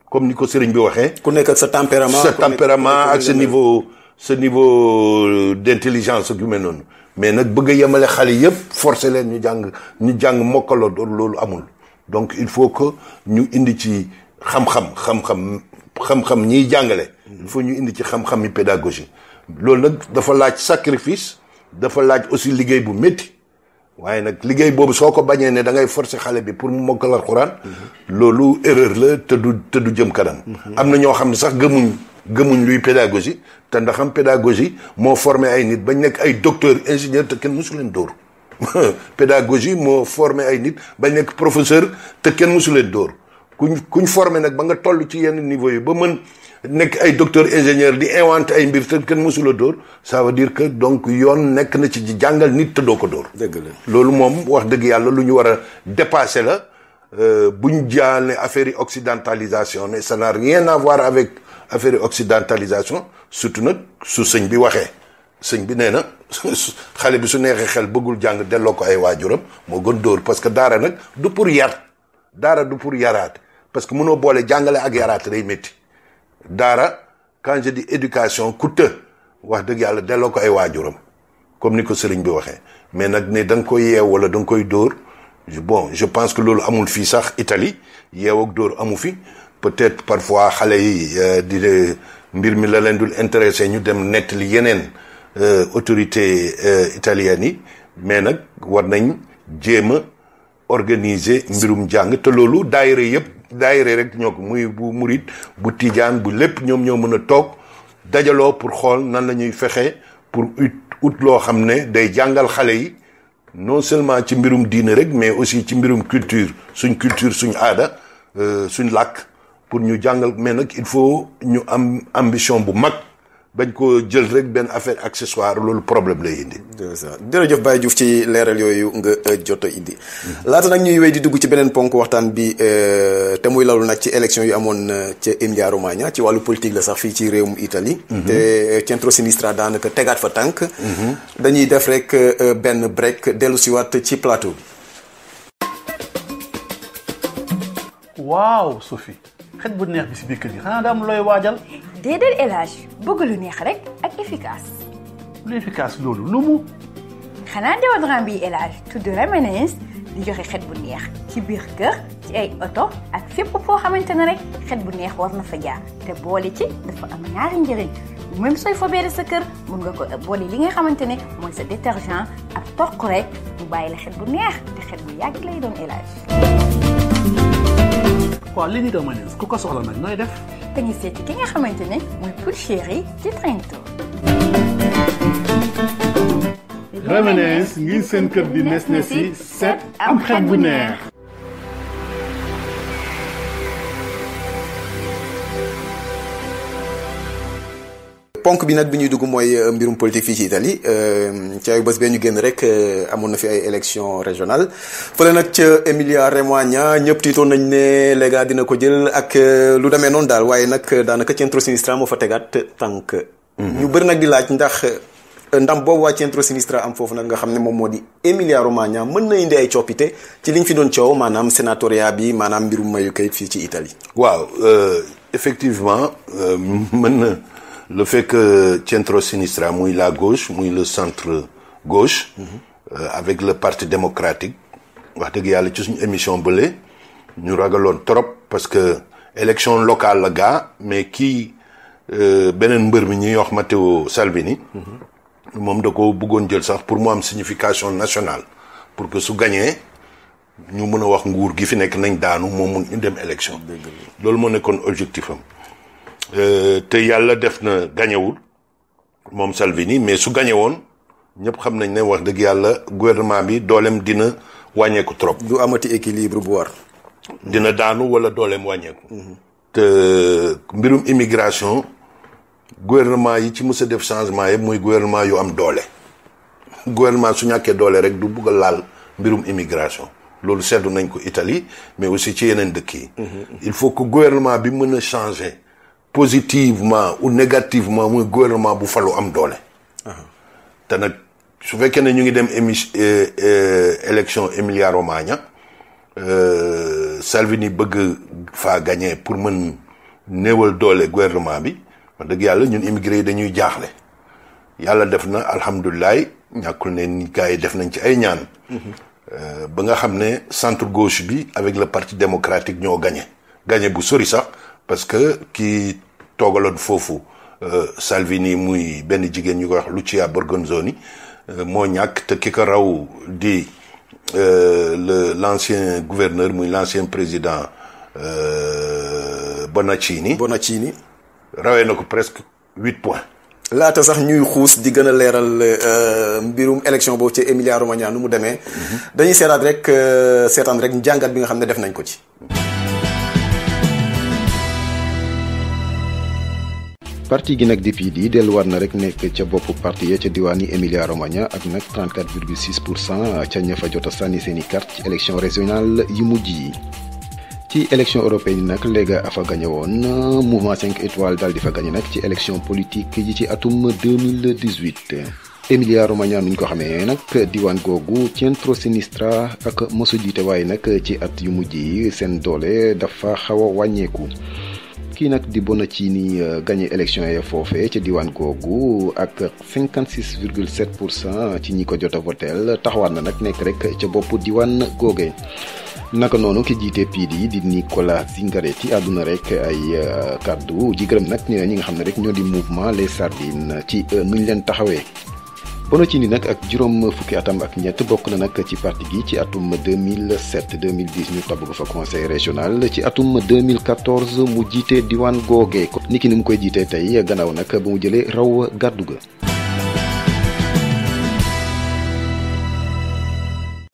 comme ni ko sëriñ bi waxee. ku nekk ak sa tempérament sa tempérament ak sa niveau sa niveau d'intelligence ak yu mel noonu mais nag bëgg a yemale xale yëpp forcer leen ñu jàng ñu jàng mokkaloo loolu amul donc il faut que ñu indi ci xam-xam xam-xam xam-xam ñiy jàngale. il faut ñu indi ci xam-xami pédagogie loolu nag dafa laaj sacrifice dafa laaj aussi liggéey bu métti waaye nag liggéey boobu soo ko bañee ne da ngay forcer xale bi pour mu mokkal alxuraan loolu erreur la te du te du jëm kanam am na ñoo xam ne sax gëmuñ gëmuñ luy pédagogie te ndaxam pédagogie moo formé ay nit bañ nekk ay docteur ingénieur te kenn mosu leen dóor pédagogie moo formé ay nit bañ nekk professeur te kenn mosu leen dóor kuñ kuñ formé nag ba nga toll ci yenn niveau yi ba mën nekk ay docteur ingénieur di inventé ay mbir te kenn mësula door ça veut dire que donc yoon nekk na ci jàngal nit te doo ko door. dëgg la loolu moom wax dëgg yàlla lu ñu war a dépassé la euh, buñ jaane affaire occidentalisation mais ça n'a rien à voir avec affaire occidentalisation surtout nag su sëñ bi waxee sëñ bi nee na xale bi su neexee xel bëggul jàng delloo ko ay waajuram moo gën dóor parce que daara nag du pour yar daara du pour yaraate parce que mënoo boole jàngale ak yaraate day métti daara quand je dis éducation coûteux wax dëgg yàlla delloo ko ay waajuram comme ni ko sëriñ bi waxee mais nag ne da nga koy yeew wala da nga koy dóor bon je pense que loolu amul fii sax Italie yeew ak dóor amu fi peut-être parfois xale yi euh, di euh, mbir mi la leen dul intéressé ñu dem nettali yeneen euh, autorité italienne yi mais nag war nañ jéem a organiser mbirum jàng te loolu daayira yëpp daayire rek ñoo muy bu murit bu bu ñoo a pour xool nan la pour ut day yi non seulement ci mbirum diine rek mais aussi ci mbirum culture suñ culture suñ aada euh, suñ pour ñu mais il faut ñu ambition bu bañ ko jël rek benn affaire accessoire loolu problème lay indi. jërëjëf Baye Diouf ci leeral yooyu nga euh, jot a indi. laata nag ñuy wéy di dugg ci beneen ponk waxtaan bi euh, te muy lalu nag ci élection yu amoon euh, ci Emilia Romagna ci wàllu politique la sax fii ci réewum Italie. Mhm. te Centro Sinistra daanaka tegaat fa tànk. Mhm. dañuy def rek benn break dellu si ci plateau waaw Sophie. xet bu neex bi si biir kër gi xanaa daa am looy waajal. déedéet El bëgg lu neex rek ak efficace. lu efficace loolu lu mu. xanaa déodorant bi élage Hadj tudd Remanes di joxe xet bu neex ci biir kër ci ay oto ak fépp foo xamante ne rek xet bu neex war na fa jaar te boole ci dafa am ñaari njëriñ. même sooy de sa kër mun nga ko boole li nga xamante ne mooy sa détergent ak toq rek mu bàyyi la xet bu neex te xet bu yàgg lay doon élage waaw li ñu doon mayonnaise ko soxla nag nooy def. te ñu seeti ki nga xamante moy mooy pour chéri ci Trento. remenees ngir seen kër di nes nesi set am xet bu ponk bi nag bi ñuy dugg mooy euh, mbirum politique fii ci Italie euh, ci ay bés bee ñu génn rek euh, amoon na fi ay élections régionales fële nag ca Emilia Romagna ñëpp tiitoon nañ ne Lega dina ko jël ak lu demee noonu daal waaye nag daanaka Centro Sinistra moo fa tegaat tànk. Mhm. ñu bëri nag di laaj ndax ndam boobu waa Centro Sinistra am foofu nag nga xam ne moom moo di Emilia Romagna mën na indi ay coppite ci liñ fi doon coow maanaam sénatoria bi maanaam mbirum mayu kayit fii ci Italie. waaw effectivement mën na le fait que centro sinistra mouille la gauche mouille le centre gauche euh, avec le parti démocratique wax dëgg yàlla ci suñu émission bële ñu ragaloon trop parce que élection locale le gars, mais qui, euh, beneen mbër mi wax Matteo Salvini -hmm. moom da ko jël sax pour am signification nationale pour que su gañee ñu mën a wax nguur gi fi nekk nañ daanu élection loolu moo nekkoon objectif euh, te yalla def na gañewul mom Salvini mais su gañe woon ñëpp xam nañ ne wax deug yalla gouvernement bi dolem dina wañé ko trop. du amati équilibre bu war. dina daanu wala dolem wañé ko te mbirum immigration gouvernement yi ci mës def changement yeb muy gouvernement yu am doole. gouvernement su ñaké doole rek du bëgg laal mbirum immigration lolu seddu nañ ko Italie mais aussi ci yeneen dëkk yi. Mhm. il faut que gouvernement bi mën changer positivement ou négativement muy gouvernement bu falu am doole. Uh-huh. te nak su fekkee ne ñu ngi dem e, e, élection Emilia Romagna euh, Salvini bëgg fa gagné pour mën néewal doole gouvernement bi wax dëgg yàlla ñun immigré dañuy jaaxle yàlla def na alhamdulilah ñàkkul ne gars yi def nañ ci ay ñaan. Uh-huh. Euh, ba nga xam ne centre gauche bi avec le parti démocratique ñoo gagné. gagné bu sori sax parce que ki toogaloon foofu euh, Salvini muy benn jigéen ñu koy wax Lucia Borgonzoni euh, moo ñàkk te ki ko raw di euh, le l'ancien gouverneur muy l'ancien président Bonaccini Bonaccini rawee na ko presque huit points laata sax ñuy xuus di gën a leeral mbirum élection boobu ci Emilia Romagna nu mu demee mm-hmm. dañuy seetaat rek seetaan rek njàngat bi nga xam ne def nañ ko ci parti gi nak depuis di delluwaat na rek nekk ca bopp parti ya ca diwaani emilia romagna ak nag 34,6 pour cent ca ña seni sànni seeni carte ci élection régionale yu mujj yi ci élection européenne nak lega afa gagné won mouvement 5 étoiles dal di fa gagné nak ci élection politique yi ci atum 2018 Emilia Romagna nuñ ko xamé nak diwan gogu centro sinistra ak mosu jité way nak ci at yu mujj sen doole dafa xawa wañéku qui n'a di de ci ni euh, gagné élection et foofee ca ak 56,7% ci ñi ko jot votel na rek ki di Nicolas Zingaretti aduna rek ay euh, kàddu ñi nga rek ñoo mouvement les sardines ci euh, nuñ leen taxawé Bonoccini nag ak juróom fukki atam ak ñett bokk na nag ci parti gi ci atum 2007 2010 ñu tabb ko fa conseil régional ci atum 2014 mu jiite diwaan googee ko niki ni mu koy jiitee tey gannaaw nag ba mu jëlee raw gàddu ga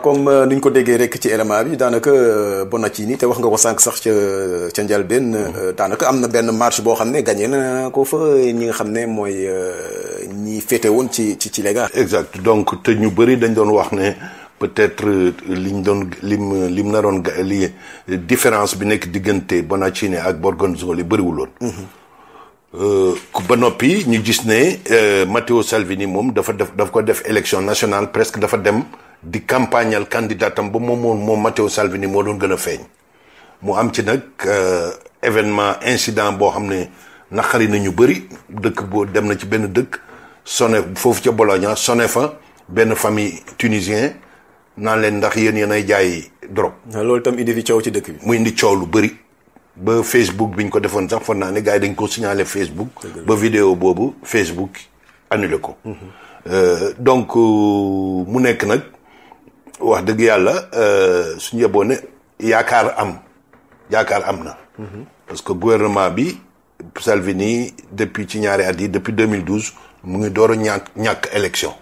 comme euh, niñ ko déggee rek ci élément bi daanaka euh, Bonaccini te wax nga ko sànq sax ca ca njëlbeen. Euh, mm-hmm. daanaka am na benn marche boo xam ne gagné na ko fa ñi nga xam ne mooy ñi fété woon ci ci ci légal. exact donc te ñu bëri dañ doon wax ne peut-être liñ doon lim lim na ga li différence bi nekk diggante Bonaccini ak Borgonzoli bëriwuloon. Mm-hmm. ba noppi ñu gis ne Matteo Salvini moom dafa def daf ko def élection nationale presque dafa dem di le candidat am Matteo Salvini moo doon gën a mu euh, événement incident boo xam na bëri dëkk dem na ci benn dëkk sone foofu ca Bologna sone fa famille tunisien naan leen ndax yéen jaay drop. Ah, loolu tam indi fi ci bi. indi lu Facebook biñ ko Facebook. ba vidéo Facebook annulé ko. Mhm. Euh, donc euh, mu wax dëgg yàlla euh, suñu yeboo ne yaakaar am yaakaar am na. Mhm. parce que gouvernement bi Salvini depuis ci ñaari at yi depuis 2012 mu ngi door a ñàkk ñàkk élection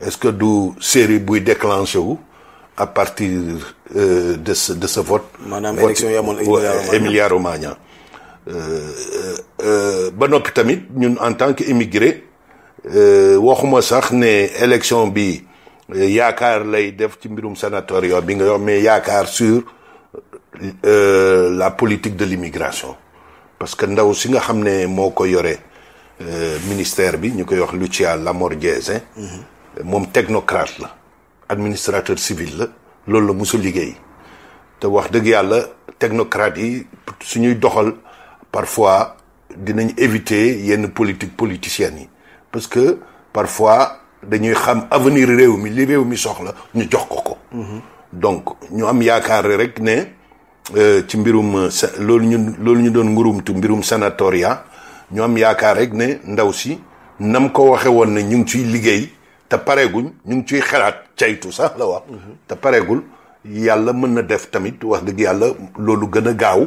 est-ce que du série buy déclenché wu à partir euh, de ce de ce vote. maanaam élection yi amoon Emilia Romagna euh, euh, ba noppi tamit ñun en tant que immigré waxuma sax ne élection bi yaakaar lay def ci mbirum sanatorio bi nga yomé mais yaakaar sur euh, la politique de l'immigration parce que ndaw si nga xamné moko yoré euh, yore ministère bi ñu koy wax Lucia Lamorgese mom technocrate la administrateur civil la loolu la musu liggéey te wax dëgg yàlla technocrate yi suñuy doxal parfois dinañ éviter yenn politique politicienne yi parce que parfois dañuy xam avenir réew mi li réew mi soxla ñu jox ko ko. Mhm. donc ñu am yaakaar rek ne euh, ci mbirum euh, sa loolu ñu loolu ñu doon ngurumtu mbirum sanatoria ñu am yaakaar rek ne ndaw si nam ko waxe woon ne ñu ngi ciy liggéey te pareeguñ ñu ngi ciy xalaat caytu sax la wax. Mhm. te pareegul yàlla mën na def tamit wax dëgg yàlla loolu gën a gaaw.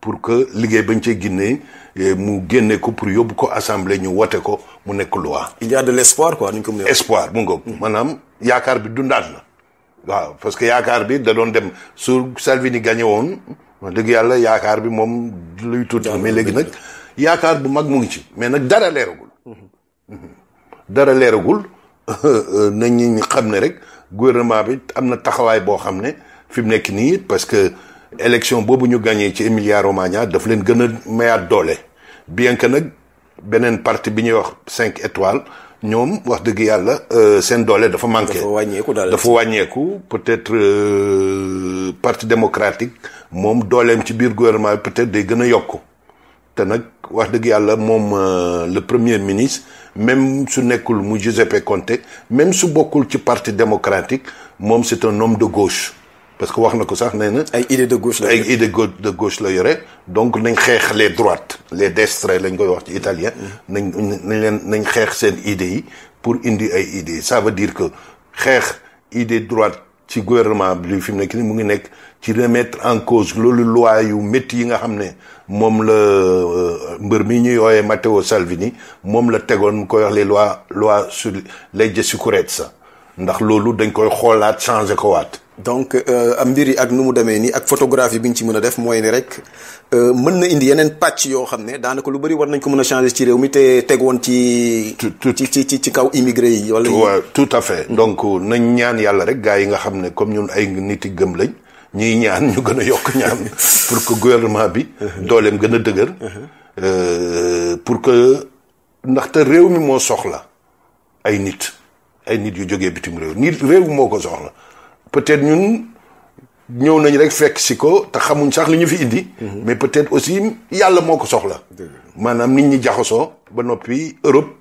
pour que liggéey ba ñu cee génnee eh, mu génne ko pour yóbbu ko assemblée ñu wote ko mu nekk loi. il y a de l'espoir quoi ko mënee. espoir mu ngoog. Mm. maanaam yaakaar bi dundaat na. waaw parce que yaakaar bi da doon dem su Salvini gagné woon. wax dëgg yàlla yaakaar bi moom luy tuuti. mais léegi nag yaakaar bu mag mu ngi ci. mais nag dara leeragul. Mm-hmm. Mm-hmm. dara leeragul nañ xam ne rek gouvernement bi am na taxawaay boo xam ne fi nekk nii parce que. élection bobu ñu gagné ci Emilia Romagna daf leen bien que le parti bi étoiles ñom wax dëgg euh, dafa peut-être euh, parti démocratique ci biir gouvernement peut-être wax euh, le premier ministre même su nekkul mu même su parti démocratique c'est un homme de gauche parce que wax na ko sax nee na. ay idée de gauche la ay idées de gauche la yore. donc nañ xeex les droites les destres lañ koy wax ci italien. Mm-hmm. nañ nañ leen nañ xeex seen idées yi pour indi ay idées ça veut dire que xeex idée droite ci gouvernement bi fi mu nekk nii mu ngi nekk ci remettre en cause loolu loi yu métti yi nga xam ne moom la euh, mi ñuy wooyee Matteo Salvini moom la tegoon mu koy wax les lois loi sur les sicurezza ndax loolu dañ koy xoolaat changé ko waat. donc euh, am mbir yi ak nu mu demee nii ak photographie bi ñu ci mën a def mooy ni rek euh, mën na indi yeneen pàcc yoo xam ne daanaka lu bëri war nañ ko mën a changé ci réew mi te teg woon ci. ci ci ci kaw immigré yi. wala waaw tout à fait. donc nañ ñaan yàlla rek gars yi nga xam ne comme ñun ay nit yi gëm lañ ñiy ñaan ñu gën a yokk ñaan pour que gouvernement bi. Uh-huh. dooleem gën a dëgër. Uh-huh. Euh, pour que ndaxte réew mi moo soxla ay nit ay nit yu jógee bitim réew nit réew moo ko soxla peut-être ñun ñëw nañ rek fekk si ko te xamuñ sax li ñu fi indi. Mhm. mais peut-être aussi yàlla moo ko soxla. maanaam nit ñi jaxasoo ba noppi Europe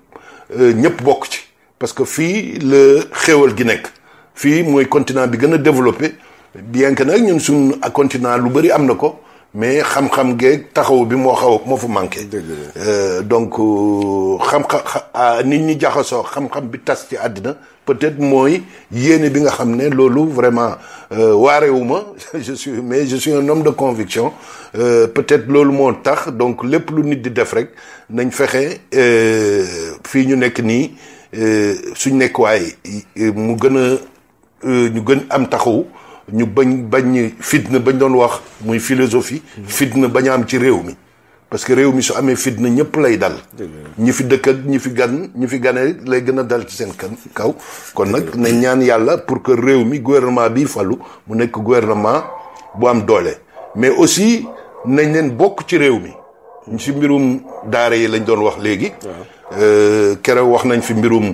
euh, ñëpp bokk ci. parce que fii le xéewal gi nekk fii mooy continent bi gën a développé bien que nag ñun suñ continent lu bëri am na ko mais xam-xam geeg taxaw bi moo xaw moo fu manqué. Euh, donc euh, xam-xam ah, nit ñi jaxasoo xam-xam bi tas ci àddina peut-être mooy yéene bi nga xam ne loolu vraiment euh, waarewuma je suis mais je suis un homme de conviction peut-être loolu moo tax donc lépp lu nit di def rek nañ fexe fii ñu nekk nii suñ nekk waay mu gën a ñu gën am taxaw ñu bañ bañ fitna bañ doon wax muy philosophie mhm. fitna bañ am ci réew mi parce que réew mi su amee fitna ñëpp lay dal ñi fi dëkk ak ñi fi gan ñi fi gane lay gën a dal ci seen kan kaw kon nag na ñaan yàlla pour que réew mi gouvernement bi fallu mu nekk gouvernement bu am doole mais aussi nañ leen bokk ci réew mi ci mbirum daara yi lañ doon wax léegi euh, keroog wax nañ fi mbirum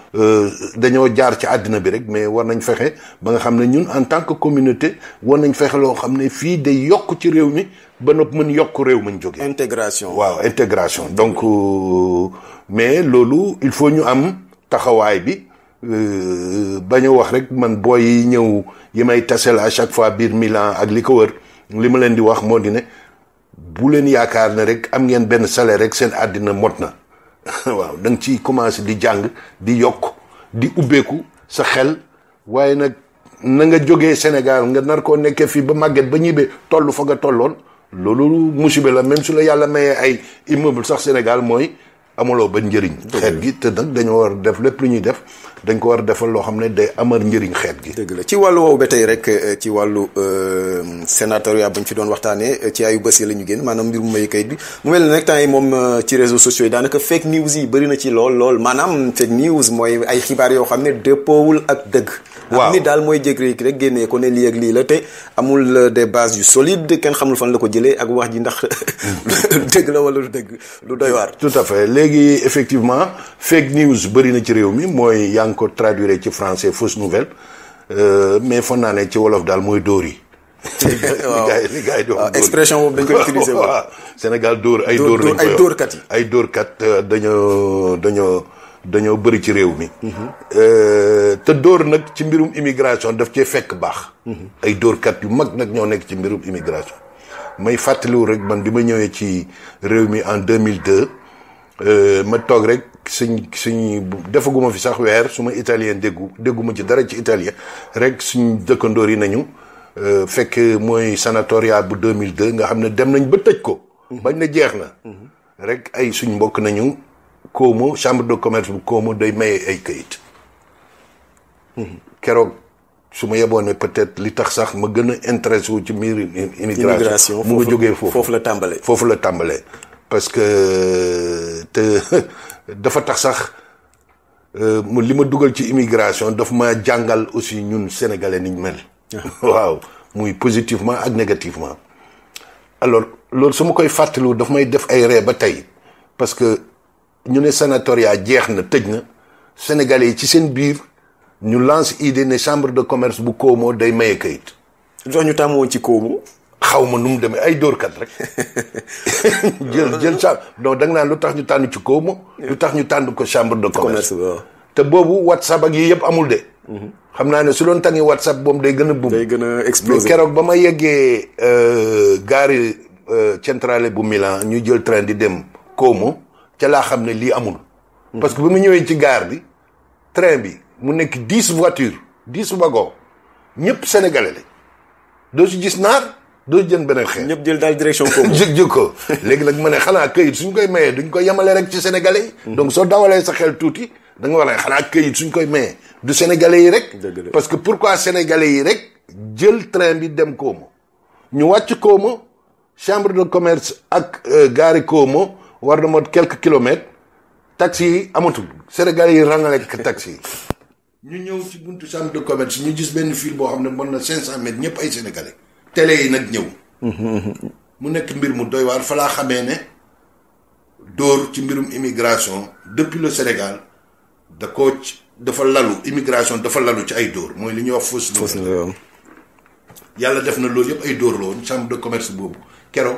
Euh, dañoo jaar ci àddina bi rek mais war nañ fexe ba nga xam ne ñun en tant que communauté war nañ fexe loo xam ne fii day yokk ci réew mi ba noppi mën yokk réew mi ñu jógee. intégration waaw intégration donc euh, mais loolu il faut ñu am taxawaay bi. Euh, ba a wax rek man booy ñëw yi may tasel à chaque fois biir Milan ak li ko wër li ma leen di wax moo di ne bu leen yaakaar ne rek am ngeen benn salaire rek seen àddina mot na waaw da nga ciy commencé di jàng di yokk di ubbeeku sa xel waaye nag na nga jógee Sénégal nga nar koo nekkee fii ba màgget ba ñibbee toll fa nga tolloon loolu musiba la même su la yàlla mayee ay immeuble sax Sénégal mooy amuloo ba njëriñ xeet gi te nag dañoo war def lépp lu ñuy def dañ ko war a defal loo xam ne day amal njëriñ xeet gi. dëgg la ci wàllu woowu ba tey rek euh, ci wàllu euh, sénatoriat bu ñu fi doon waxtaanee euh, ci ayu bés yi la ñu génn maanaam mbir mu may kayit bi mu mel ne nag temps yi moom ci réseaux sociaux yi daanaka fake news yi bëri na ci lool lool maanaam fake news mooy ay xibaar yoo xam ne dëppoowul ak dëgg. ni dal moy jékki-jékki rek génnee ko ne li ak li la te amul euh, des bases yu solides ken xamul fan la ko jëlee ak wax ji ndax dëgg la wala lu dëgg lu doy war tout à fait léegi effectivement fake news bëri na ci réew mi moy yaa ko traduire ci français fausse nouvelle euh mais foog naa ci wolof dal moy dori expression boobu dañ koy utiliser waaw Sénégal dóor ay. dóor ay dóorkat kat ay dóorkat dañoo dañoo. dañoo bëri ci réew mi. Euh, te dóor nag ci mbirum immigration daf cee fekk baax. ay dóorkat yu mag nag ñoo nekk ci mbirum immigration. may fàttaliwu rek man bi ma ñëwee ci réew mi en 2002 euh, ma toog rek suñ suñ defaguma fi sax weer su ma italien déggu dégguma ci dara ci italien rek suñ dëkkandoor yi nañu euh, fekk mooy sanatoria bu 2002 nga xam ne dem nañ ba tëj ko. bañ ne jeex na. rek ay suñ mbokk nañu. Koomu chambre de commerce de Koomu day kayit hmm. keroog su ma peut-être li tax sax ma gën a ci immigration Faut la Il parce que te dafa tax sax euh, li ma dugal ci ma aussi ñun sénégalais niñ mel ah. waaw positivement ak négativement alors loolu su koy fàttaliwu daf may parce que ñu ne sanatoria jeex na tëj na sénégalais yi ci seen biir ñu lance idée ne chambre de commerce bu Koomo day maye kayit. jox ñu tàmm woon ci Koomo. xaw ma nu mu demee ay dóorkat rek jël jël chambre donc da naa lu tax ñu tànn ci Koomo. lu tax ñu tànn ko chambre de commerce te boobu whatsapp ak yii yëpp amul de. Mm-hmm. xam naa ne su doon tàngi whatsapp boobu day gën a buum. gën a exploser keroog ba ma yeggee euh, gaari euh, centrale bu Milan ñu jël train di dem Koomo. ca laa xam ne lii amul. parce que bi mu ñëwee ci gaar bi train bi mu nekk dix voitures dix wagons ñëpp sénégalais lañ doo ci gis naar doo jën beneen xeet. ñëpp jël daal direction kooku. jëg jëg ko léegi nag ma ne xanaa këyit suñ koy mayee duñ koy yemale rek ci sénégalais yi. soo dawalee sa xel tuuti da nga xanaa këyit suñ koy mayee du sénégalais yi rek. parce que pourquoi sénégalais yi rek jël train bi dem Koomo. ñu wàcc Koomo chambre de commerce ak euh, gare Koomo. war na mot quelques kilomètres taxi yi amatul Sénégal yi rangale taxi ñu ñëw ci buntu centre de commerce ñu gis benn fil boo xam ne mën na 500 mètres ñëpp ay sénégalais. télé yi nag ñëw. mu nekk mbir mu doy waar fa laa xamee ne dóor ci mbirum immigration depuis le Sénégal da ko dafa lalu immigration dafa lalu ci ay dóor mooy li ñuy wax fausse. fausse yàlla def na loolu yëpp ay dóor la woon chambre de commerce boobu keroog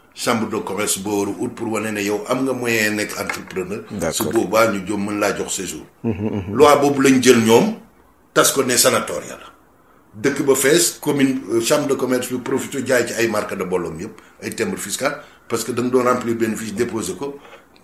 chambre de commerce boo war a pour wane ne yow am nga moyen nekk entrepreneur. su boobaa ñu jom mën laa jox séjour. loi boobu lañ jël ñoom tas ko ne sanatoria la dëkk ba fees commune euh, chambre de commerce bi profité jaay ci ay marque de bolloom yëpp ay timbre fiscal parce que da nga doon remplir benn fiche déposé ko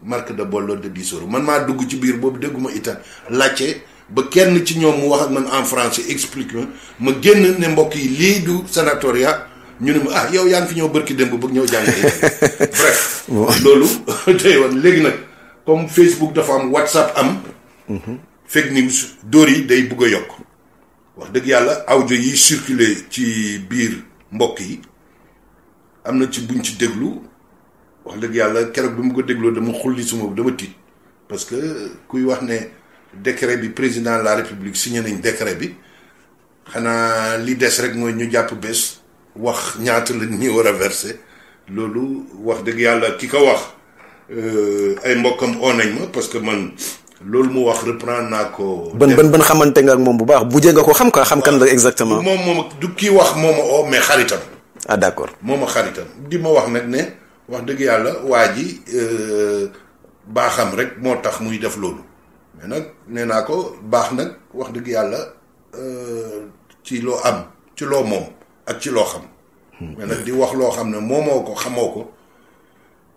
marque de bollo de 10 euros man maa dugg ci biir boobu dégguma itam laajte ba kenn ci ñoom mu wax ak man en français explique ma ma ne mbokk yi lii du sanatoria. ñu ne ma ah yow yaa ngi fi ñëw bërki démb bëgg ñëw jàng bref loolu tey woon léegi nag comme Facebook dafa am WhatsApp am mhm. fake news dóor yi day bugg a yokk wax dëgg yàlla aw jo yi circulé ci biir mbokk yi am na ci buñ ci déglu wax dëgg yàlla keroog bi mu ko dégloo dama xulli suma dama tiit parce que kuy wax ne décret bi président de la république signé nañ décret bi xanaa li des rek mooy ñu jàpp bés wax ñaata la ñi war a verser loolu wax dëgg yàlla ki ko wax euh, ay mbokkam oo nañ ma parce que man loolu mu wax reprendre naa ko. ban ban ban xamante nga ak moom bu baax bu nga ko xam ko xam kan la exactement. moom moom du kii wax moo o oo mais xaritam. ah d' accord xaritam di ma wax nag ne wax dëgg yàlla waa ji euh, baaxam rek moo tax muy def loolu mais nag nee naa ko baax nag wax dëgg yàlla euh, ci loo am ci loo moom. ak ci loo xam. mais nag di wax loo xam ne moomoo ko xamoo ko.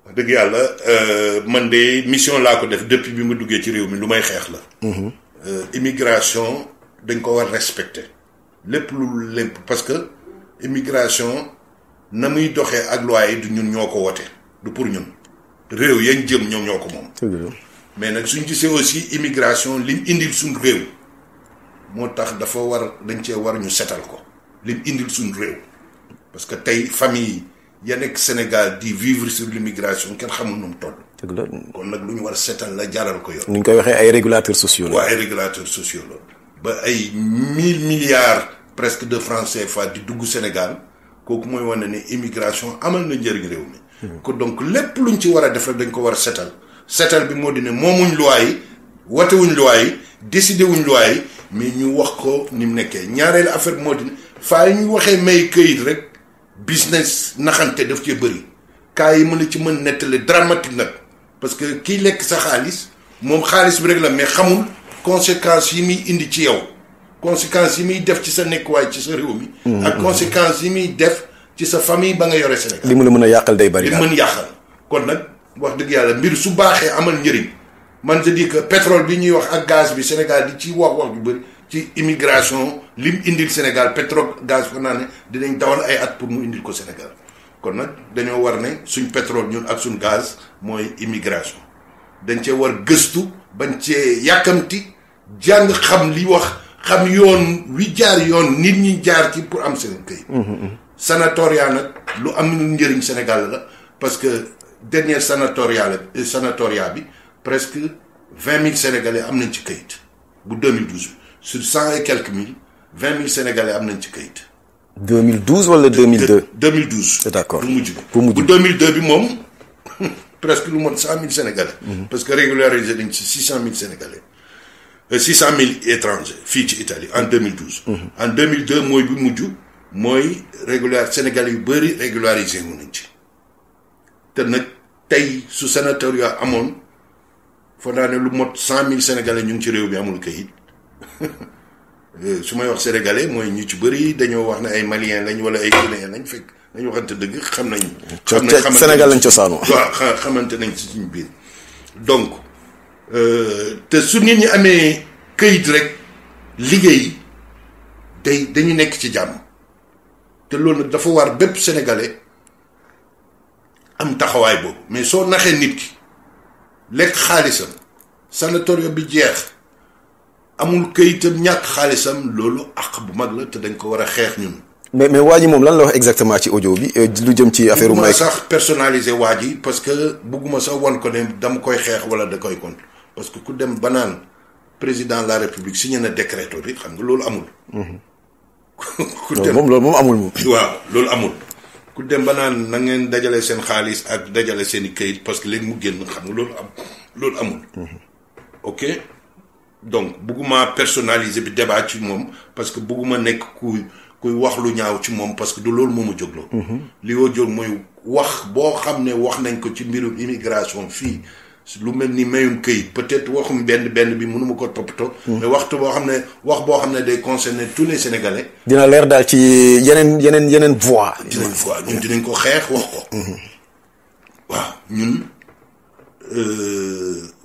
wax dëgg yàlla euh, man de mission laa ko def depuis bi ma duggee ci réew mi lu may xeex la. Mhm. Euh, immigration dañ ko war respecter. lépp lu lépp parce que immigration na muy doxee ak loi yi du ñun ñoo ko wote du pour ñun. réew yañ jëm ñoom ñoo ko moom. mais nag suñ gisee aussi immigration lim indil suñ réew. moo tax dafa war dañ cee war ñu setal ko lim indil suñ réew parce que tey famille ya nekk Sénégal di vivre sur l'immigration kenn xamul nu mu toll. kon nag lu ñu war a la jaral ko yoon. ni ñu koy waxee ay régulateurs sociaux la. ay régulateurs sociaux la ba ay mille milliards presque de français CFA di dugg Sénégal kooku mooy wane ne immigration amal na njëriñ réew mi. Hmm. ko donc lépp luñ ci war a def rek dañ ko war a seetal seetal bi moo di ne moomuñ loi yi wote wuñ loi yi décidé wuñ loi yi mais ñu wax ko ni mu nekkee ñaareelu affaire bi moo di ne faa yi ñu waxee may këyit rek business naxante daf cee bëri cas yi mën a ci mën nettali dramatique nag parce que kiy lekk sa xaalis moom xaalis bi rek la mais xamul conséquences yi muy indi ci yow conséquences yi muy def ci sa nekkuwaay ci sa réew mi. Mm-hmm. ak conséquences yi muy def ci sa famille ba nga yore Sénégal. li mu la mën a yàqal day bari. li mën yàqal kon nag wax dëgg yàlla mbir su baaxee amal njëriñ man je dis que pétrole bi ñuy wax ak gaz bi Sénégal di ci wax wax ju ci immigration lim indil Sénégal pétrole gaz ko naa dinañ dawal ay at pour mu indil ko Sénégal kon nag dañoo war ne suñ pétrole ñun ak suñ gaz mooy immigration dañ cee war gëstu bañ cee yàkkamti jàng xam li wax xam yoon wi jaar yoon nit ñi jaar ci pour am seen këyit. Hum, hum, hum. sanatoria nag lu am njëriñ Sénégal la parce que dernier sanatoria sanatoria bi presque 20000 sénégalais am nañ ci këyit bu 2012 bi sur 100 et quelques mille, 20 000 Sénégalais ont été créés. 2012 ou 2002 2012. D'accord. Pour 2002, presque le presque 100 000 Sénégalais. Mhm. Parce que régulariser 600 000 Sénégalais. 600 euh, 000 étrangers, Fidji, Italie, en 2012. Mhm. En 2002, moi, je suis moi, régulier, Sénégalais, je suis régularisé. Maintenant, sous sénatorial, il le a 100 000 Sénégalais qui ont été Eh, su may wax sénégalais mooy ñu ci bëri dañoo wax ne ay malien lañ wala ay guinéen lañ fekk nañ waxante dëgg xam nañ. xam nañ Sénégal lañ cosaanoo. waaw xamante nañ ci suñu biir. donc euh, te su nit ñi amee këyit rek liggéey day dañu nekk ci jàmm te loolu nag dafa war bépp sénégalais am taxawaay boobu mais soo naxee nit ki lekk xaalisam sanatorio bi jeex. amul këyitam ñàkk xaalisam loolu àq bu mag la te dañ ko war a xeex ñun. mais mais waa ji moom lan la wax exactement ci audio bi euh, lu jëm ci affaire. may sax personnalisé waa ji parce que bugguma sax ko ne dama koy xeex wala da koy contre parce que ku dem ba président de la république signé na décret bi xam nga loolu amul. Mm-hmm. ku dem moom loolu moom amul moom. waaw loolu amul. ku dem ba naan na ngeen dajale seen xaalis ak dajale seen i këyit parce que léegi mu génn xam nga loolu am loolu amul. Mm-hmm. ok. donc buguma personnaliser débat ci parce que buguma nek kuy wax lu parce que du que mhm. li wo moy wax wax nañ ko ci immigration fi lu même ni mayum peut-être waxum benn benn bi ko mhm. mais waxtu bo wax bo tous les sénégalais. dina leer dal ci yenen yenen voix. voix ñun dinañ ko wax ko. Mhm. Euh,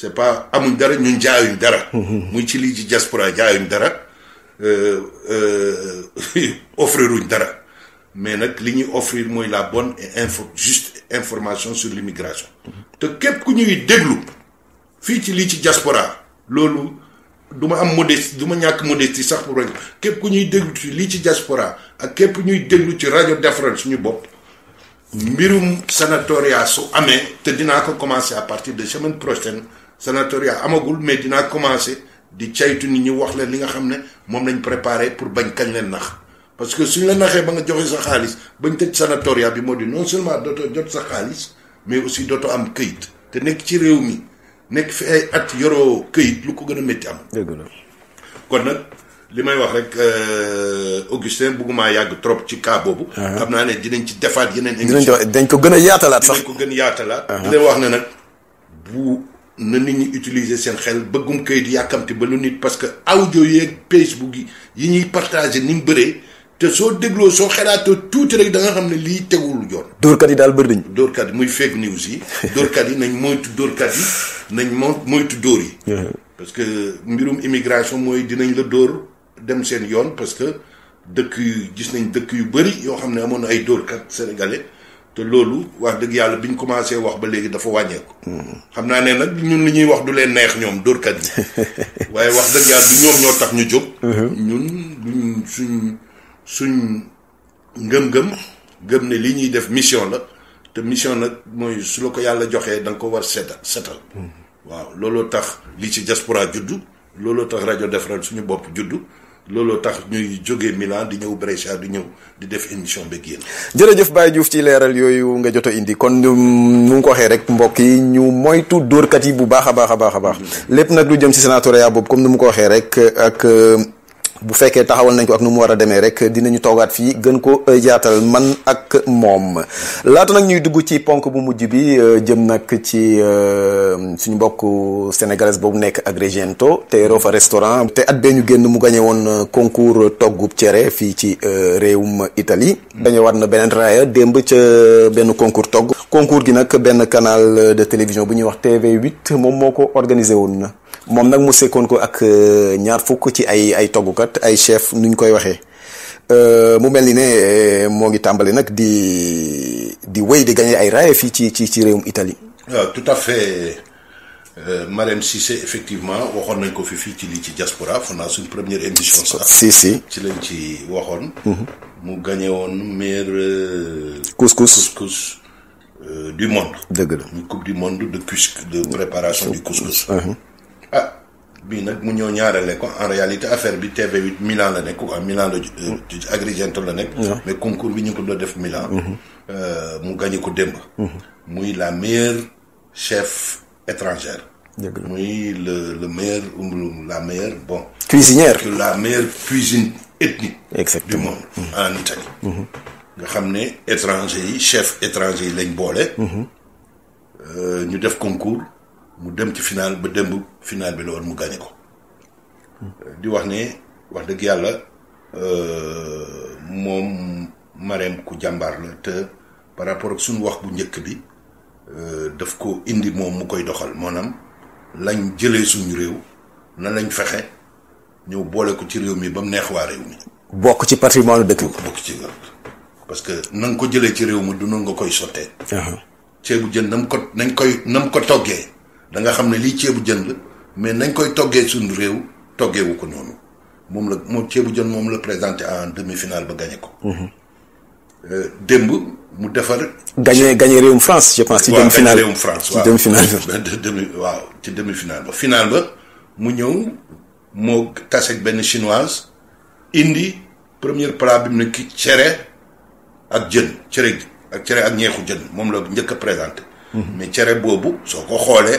c'est pas amuñ dara dara. diaspora dara euh, euh, offriruñ mais nous, li offrir la bonne et juste information sur l'immigration te képp ku déglu fii ci lii diaspora loolu du am modestie du modestie sax pour déglu ci ci diaspora ak ñuy déglu ci suñu mbirum te commencer à partir de semaine prochaine sénatorial amagul mais dinaa commencé di caytu nit ñi wax leen li nga xam mom lañ préparé pour bañ kañ leen nax parce que suñ la naxé ba nga joxé sa xaalis bañ tëj sénatoriat bi moo non seulement doto jot sa xaalis mais aussi doto am këyit te nek ci réew mi nekk fi ay at yoro këyit lu ko gëna metti am. dëgg la kon nag li wax rek euh Augustin bëgguma yag trop ci cas bobu uh-huh. xam né ne dinañ ci defaat yeneen. émission dinañ ko gëna yaatalat sax dinañ ko gëna yaatalat yaatalaat. Uh-huh. wax né nak bu na nit ñi utiliser seen xel bëggum kayit yàkkamti ba lu nit parce que audio yeeg Facebook yi yi ñuy partager ni mu bëree te soo dégloo soo xalaatoo tuuti rek da nga xam ne lii tegul yoon. dóorkat yi daal bëri nañ. dóorkat yi muy fake news yi. dóorkat yi nañ moytu dóorkat yi nañ mo moytu dóor yi. parce que mbirum immigration mooy dinañ la dóor dem seen yoon parce que dëkk yu gis nañ dëkk yu bëri yoo xam ne amoon na ay dóorkat sénégalais. te loolu wax dëgg yàlla bi ñu commencé wax ba léegi dafa wàññeeku. xam naa ne nag ñun li ñuy wax du leen neex ñoom dóorkat yi waaye wax dëgg yàlla du ñoom ñoo tax ñu jóg. Uh-huh. ñun duñ suñ suñ ngëm-ngëm ne li ñuy def mission la te mission nag mooy su la ko yàlla joxee da nga ko war setal setal. Hmm. waaw looloo tax li ci diaspora juddu looloo tax rajo Defaral suñu bopp juddu. looloo tax ñuy jógee Milan di ñëw Brescia di ñëw di def émission beeg yéen. jërëjëf Baye Diouf ci leeral yooyu nga jot a indi kon nu mu ko waxee rek mbokk yi ñu moytu dóorkat yi bu baax a baax a baax a baax mm-hmm. lépp nag lu jëm si sénatoria boobu comme ni mu ko waxee rek ak. Euh, bu fekkee taxawal nañ ko ak nu mu war a demee rek dinañu toogaat fii gën ko jaatal euh, man ak moom laata nag ñuy dugg ci ponk bu mujj bi euh, jëm nag ci euh, suñu mbokk sénégalaise boobu nekk Agrigento te yoroo fa restaurant te at bee ñu génn mu gañe woon concours toggub cere fii ci réewum Italie gañe waat na beneen raaya démb ca benn concours togg concours gi nag benn canal de télévision bu ñuy wax TV8 moom moo ko organisé woon na moom nag mu sekkoon ko ak ñaar fukk ci ay ay toggkat natt ay chef nuñ koy euh mu melni né eh, mo ngi n'a que di di wéy di gagner ay raay fi ci ci ci réewum Italie. Ah, tout à fait euh, Marème Cissé effectivement waxoon nañ ko fi fi ci li ci diaspora fon naa première émission ça si si ci lañ ci waxoon. Mhm. mu gagner won meilleur. Euh, couscous couscous euh, du monde. de la coupe du monde de cus de préparation du couscous. Mhm. ah bi nak mu ñoo ñaarale ko en réalité affaire bi TV8 Milan la nek quoi Milan la euh, mm. Agri Gento la nekk. mais concours bi ñu ko do def Milan. Mm-hmm. Euh, mu gagné ko -hmm. muy la meilleure chef étrangère. muy le le meilleur la meilleure bon. cuisinière la meilleure cuisine ethnique. exactement du monde mm-hmm. en Italie. Mm-hmm. nga xam étranger chef étranger yi -hmm. euh ñu def concours. mu dem ci finaal ba démb final bi la woon mu gagné ko. di wax ne wax dëgg yàlla euh, moom Marème ku jàmbaar la te par rapport ak suñu wax bu njëkk bi euh, daf ko indi moom mu koy doxal maanaam lañ jëlee suñu réew na lañ fexe ñëw boole ko ci réew mi ba mu neex waa réew mi. bokk ci patrimoine dëkk bi. bokk ci parce que na nga ko jëlee ci réew mi du noonu nga koy sottee. Uh-huh. ceebu jën na mu ko nañ koy na mu ko toggee. da nga xam ne lii ceebu jën la mais nañ koy toggee suñu réew toggeewu ko noonu moom la moo ceebu jën moom la présenté en demi-finale ba gagné ko. Mhm. Euh, démb mu defar. gagné gagné réewum France je pense. ci demi-finale réewum France waaw ci demi-finale ba. waaw ci demi-finale ba finale mu ñëw moo taseeg benn chinoise indi première plat bi mu ne cere ak jën cere ak cere ak ñeexu jën moom la njëkk a présenté. Mhm. mais cere boobu soo ko xoolee.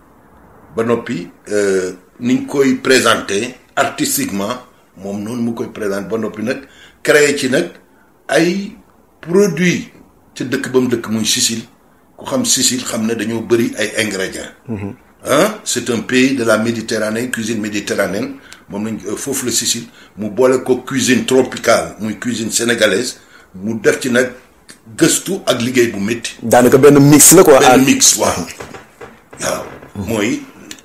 ba noppi euh, niñ koy présenter artistiquement moom noonu mu koy présenter ba noppi nag créer ci nag ay produits ci dëkk ba mu dëkk muy Sicile ku xam Sicile xam ne dañoo bëri ay ingrédients. ah c'est un pays de la Méditerranée cuisine méditerranéenne moom lañ euh, foofu la Sicile mu boole ko cuisine tropicale muy cuisine sénégalaise mu def ci nag gëstu ak liggéey bu métti. daanaka benn mix la quoi. benn mix waaw waaw mhm. mooy.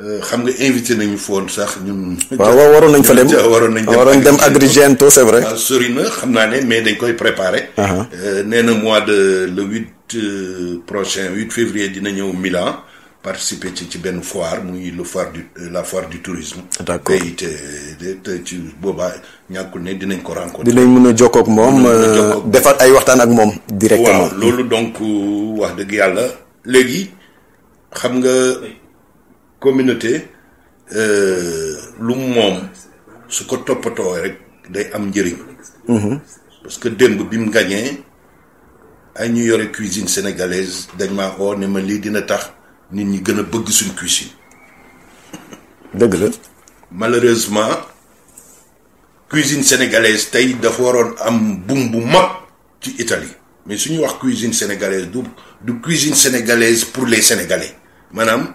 Euh, xam nga invité nañu foon sax ñun. waaw waroon nañ fa dem waroon nañ dem waroon dem Agri Gento c'est vrai. Ah, sori na xam naa ne mais dañ koy préparé. Uh-huh. Euh, nee na mois de le huit euh, prochain huit février dina ñëw Milan participer ci ci benn foir muy le foire du la foire du tourisme. d'accord tey te ci boobaa ñàkkul ne dinañ ko rencontrer. dinañ mun a jokkook ak moom defar ay waxtaan ak moom. directement waaw loolu donc wax dëgg yàlla léegi xam nga. communauté euh, lu moom su ko toppatoo rek day am njëriñ. Mhm. parce que démb bi mu gagné ay ñu yoré cuisine sénégalaise dañ ma oo ne ma lii dina tax nit ñi gën bëgg suñ cuisine. dëgg la. malheureusement cuisine sénégalaise tey dafa waroon am boom bu mag ci Italie mais suñu wax cuisine sénégalaise du du cuisine sénégalaise pour les sénégalais Madame...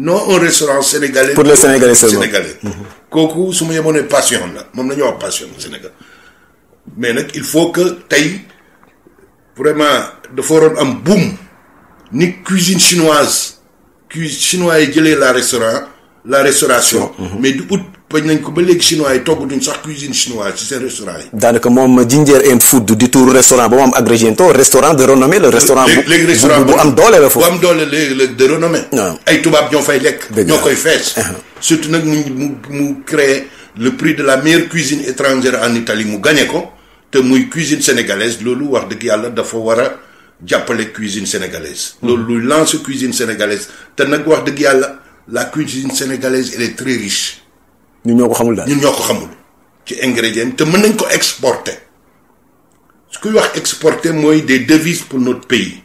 non un restaurant sénégalais. pour les sénégalais seulement sénégalais. Mm-hmm. kooku su ma yemoonee passion la moom la ñuy wax passion Sénégal mais nag il faut que tey vraiment dafa waroon am boom ni cuisine chinoise cuisine chinois yi jëlee la restaurant la restauration. Mm-hmm. mais du ut. bañ nañ ko ba léegi chinois yi duñ sax cuisine chinoise ci seen restaurant yi. daanaka moom ginger and food di tour restaurant ba mu am Agrigento restaurant de renommée le restaurant bu bu am doole la foofu. bu am doole léegi de renommée. Ah. ay tubaab ñoo fay lekk. ñoo koy fees. Ah. surtout nag mu mu mu créé le prix de la meilleure cuisine étrangère en Italie mu gagné ko te muy cuisine sénégalaise loolu wax dëgg yàlla dafa war a jàppale cuisine sénégalaise. Hmm. loolu luy lance cuisine sénégalaise te nag wax dëgg yàlla la cuisine sénégalaise elle est très riche. Nous ñoo ko xamul xamul ci ingrédients te mën ko exporter Ce kuy wax exporter c'est des devises pour notre pays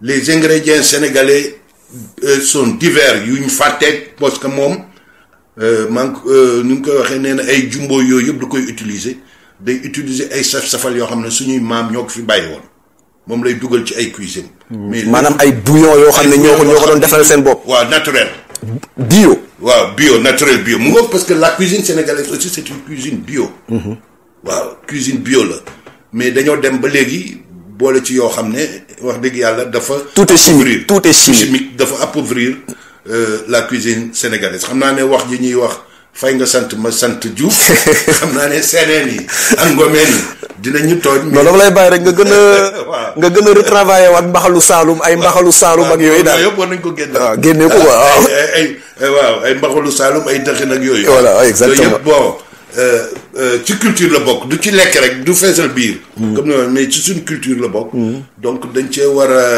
les ingrédients sénégalais euh, sont divers yu ñu parce que nous avons ngi ñu qui koy waxee nee ay jumbo koy utiliser day utiliser ay saf-safal yoo xam suñuy maam ñoo fi lay ci hmm. naturel bio. waaw bio naturel bio parce que la cuisine sénégalaise aussi c'est une cuisine bio. Mhm. waaw cuisine bio là mais d'ailleurs dem ba tu y ci yoo xam wax tout est chimique tout est chimique dafa appauvrir euh, la cuisine sénégalaise ramener voir wax fay nga sant ma sant Diouf xam naa ne seneen yi ak ngomeen yi dinañu tooñ. non dama lay bàyyi rek nga gën a. nga gën a retravaillé waat mbaxalu Saalum ay mbaxalu Saalum ak yooyu daal yëpp war nañ ko génne. waaw génne ko waaw ay waaw ay mbaxalu Saalum ay dëxin ak yooyu. voilà exactement bon. Euh, euh, ci culture la bokk du ci lekk rek du feesal biir. Mm. comme ni mais ci suñ culture la bokk. Mm. donc dañ cee war a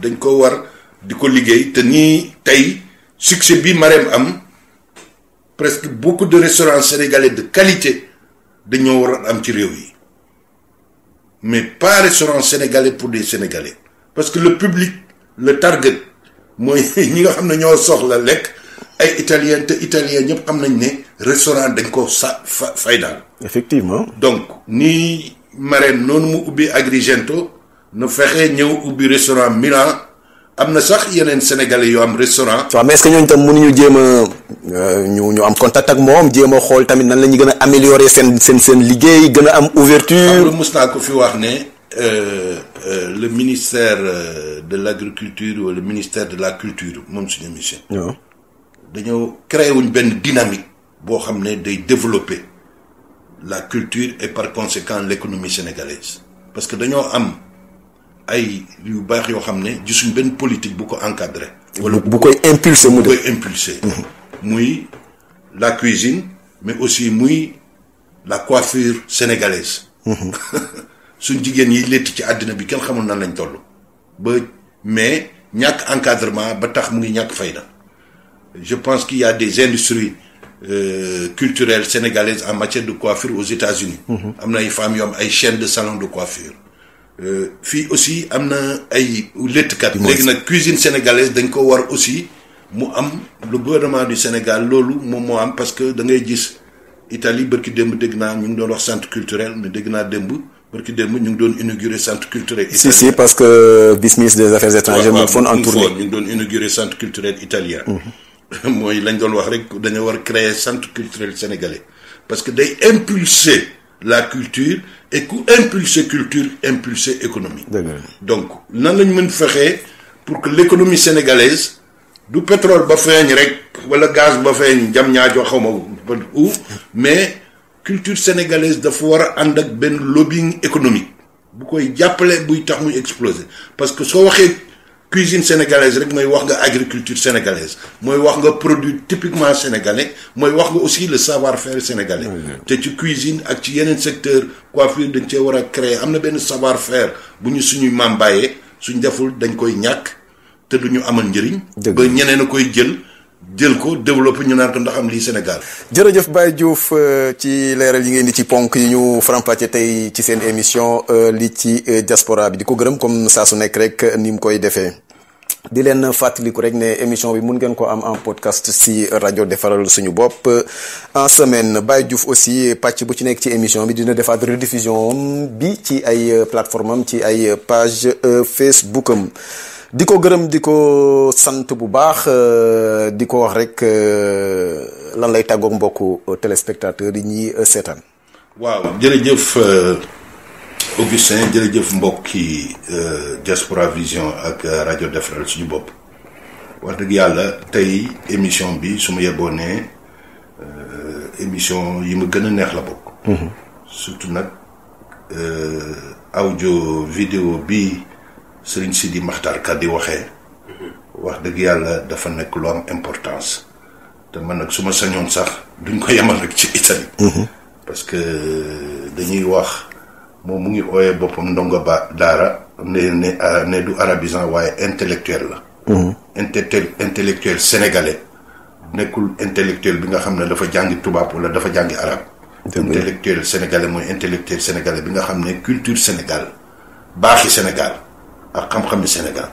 dañ ko war di ko liggéey te nii tey succès bi Marème am. presque beaucoup de restaurants sénégalais de qualité de waroon am ci mais pas restaurant sénégalais pour des sénégalais parce que le public le target moy ñi nga xam train ñoo soxla lek ay italien te italien ñep xam nañ restaurant dañ ko ça, effectivement donc ni sommes non mu ubi Agrigento ne fexé ñew ubi restaurant Milan am na sax yeneen sénégalais yu am restaurant. waaw mais est ce que ñooñu tam mënuñu jéem a euh, ñu ñu am contact ak moom jéem a xool tamit nan la ñu gën a améliorer seen seen seen liggéey gën a am ouverture. am mus ko fi wax ne. Euh, euh, le ministère euh, de l'agriculture ou le ministère de la culture moom suñu mission. dañoo créé wuñ benn dynamique boo xam ne day développer la culture et par conséquent l'économie sénégalaise parce que dañoo am ay yu baax yoo xam ne gisuñ benn politique bu ko encadré. wala bu koy impulsé mu la cuisine mais aussi muy la coiffure sénégalaise. suñ jigéen yi létt ci àddina bi kenn xamul nan lañ toll. ba mais ñàkk encadrement ba tax mu ngi ñàkk fayda. je pense qu'il y a des industries euh, culturelles sénégalaises en matière de coiffure aux États-Unis. Mm-hmm. Am na ay femmes yoo am ay chaînes de salons de coiffure. Euh, fi aussi am na ay léttkat léegi nag cuisine sénégalaise dañ ko war aussi mu am le gouvernement du Sénégal loolu moom moo am parce que da ngay gis Italie barki démb dégg naa ñu ngi doon wax centre culturel mais dégg naa démb bërki démb ñu ngi doon inauguré centre culturel italien si si parce que business des affaires étrangères me foon en tourné ñu ngi doon inauguré centre culturel italien mooy lañ doon wax rek dañoo war créer centre culturel sénégalais parce que day impulser la culture et ku impulser culture impulser économie. donc nan lañ mën pour que l'économie sénégalaise du pétrole ba feeñ rek wala gaz ba la jam jo xawma mais culture sénégalaise doit war a ak lobbying économique bu koy jàppale buy tax muy exploser parce que so waxé cuisine sénégalaise rek moy wax agriculture sénégalaise moy wax nga produit typiquement sénégalais moy wax aussi le savoir-faire sénégalais. té ci cuisine ak ci secteur coiffure dañ ci wara créer amna ben savoir-faire buñu suñu deful dañ koy té duñu amal njëriñ. ba ñeneen koy jël ko développé ñu naan ko ndax am lii Sénégal. jërëjëf Baye Diouf euh, ci leeral yi ngeen di ci ponk yi ñu faram-fàccee tey ci seen émission euh, li ci euh, diaspora bi di ko gërëm comme saa su nekk rek ni mu koy defee. di leen fàttaliku rek ne émission bi mun ngeen ko am en podcast si rajo defaral suñu bopp en semaine Baye Diouf aussi pàcc bu ci nekk ci émission bi dina defaat rediffusion bi ci ay plateforme ci ay page Facebook am. di ko gërëm di ko sant bu baax euh, di ko wax rek euh, lan lay tàggoog mbokku téléspectateurs yi ñuy euh, seetaan. waaw jërëjëf Augustin jërëjëf mbokki Diaspora Vision ak rajo defaral suñu bopp wax dëgg yàlla tey émission bi su ma yeboo ne émission yi ma gën a neex la bokk. Mhm. surtout nag audio vidéo bi C'est Sidi Ka di waxe wax deug yalla dafa am importance te man sax duñ ko rek mhm. parce que dañuy wax mu ngi du intellectuel mhm. intellectuel intellectuel sénégalais nekul intellectuel bi nga dafa wala dafa intellectuel sénégalais moy intellectuel sénégalais bi nga culture Sénégal Sénégal ak xam-xam bi Sénégal.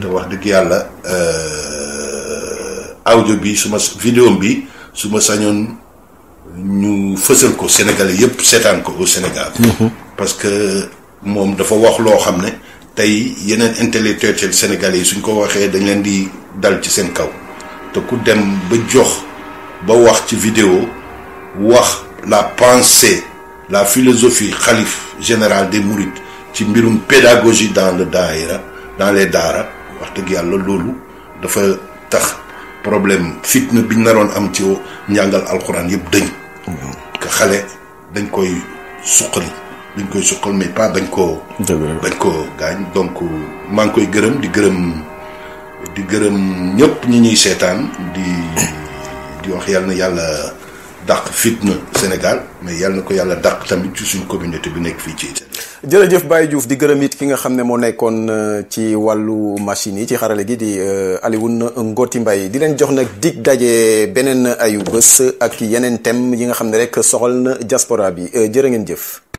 te wax dëgg yàlla euh, audio bi suma vidéo bi suma ma sañoon ñu fësal ko Sénégalais yépp seetaan ko au Sénégal. Mhm. parce que moom dafa wax loo xam ne tey yeneen sénégalais yi suñ ko waxee dañ leen di dal ci seen kaw te ku dem ba jox ba wax ci vidéo wax la pensée la philosophie xalif général des mourides. ci mbirum pédagogie dans le daayira dans les daara wax dëgg yàlla loolu dafa tax problème fitna bi ñu naroon am ci njàngal alxuraan yëpp dañ que xale dañ koy suqali duñ koy suqal mais pas bañ koo bañ koo gaañ donc maa ngi koy gërëm di gërëm di gërëm ñëpp ñi ñuy seetaan di di wax yàlla na yàlla dàq fitna Sénégal mais yàlla na ko yàlla dàq tamit ci suñ communauté bi nekk fii ci Italie. jërëjëf Baye Diouf di gërëm it ki nga xam ne moo nekkoon euh, ci wàllu machine yi ci xarale gi di euh, Alioune Ngoti Mbaye di leen jox nag dig daje beneen ayu bés ak yeneen thème yi nga xam ne rek soxal na diaspora bi euh, jërë ngeen jëf.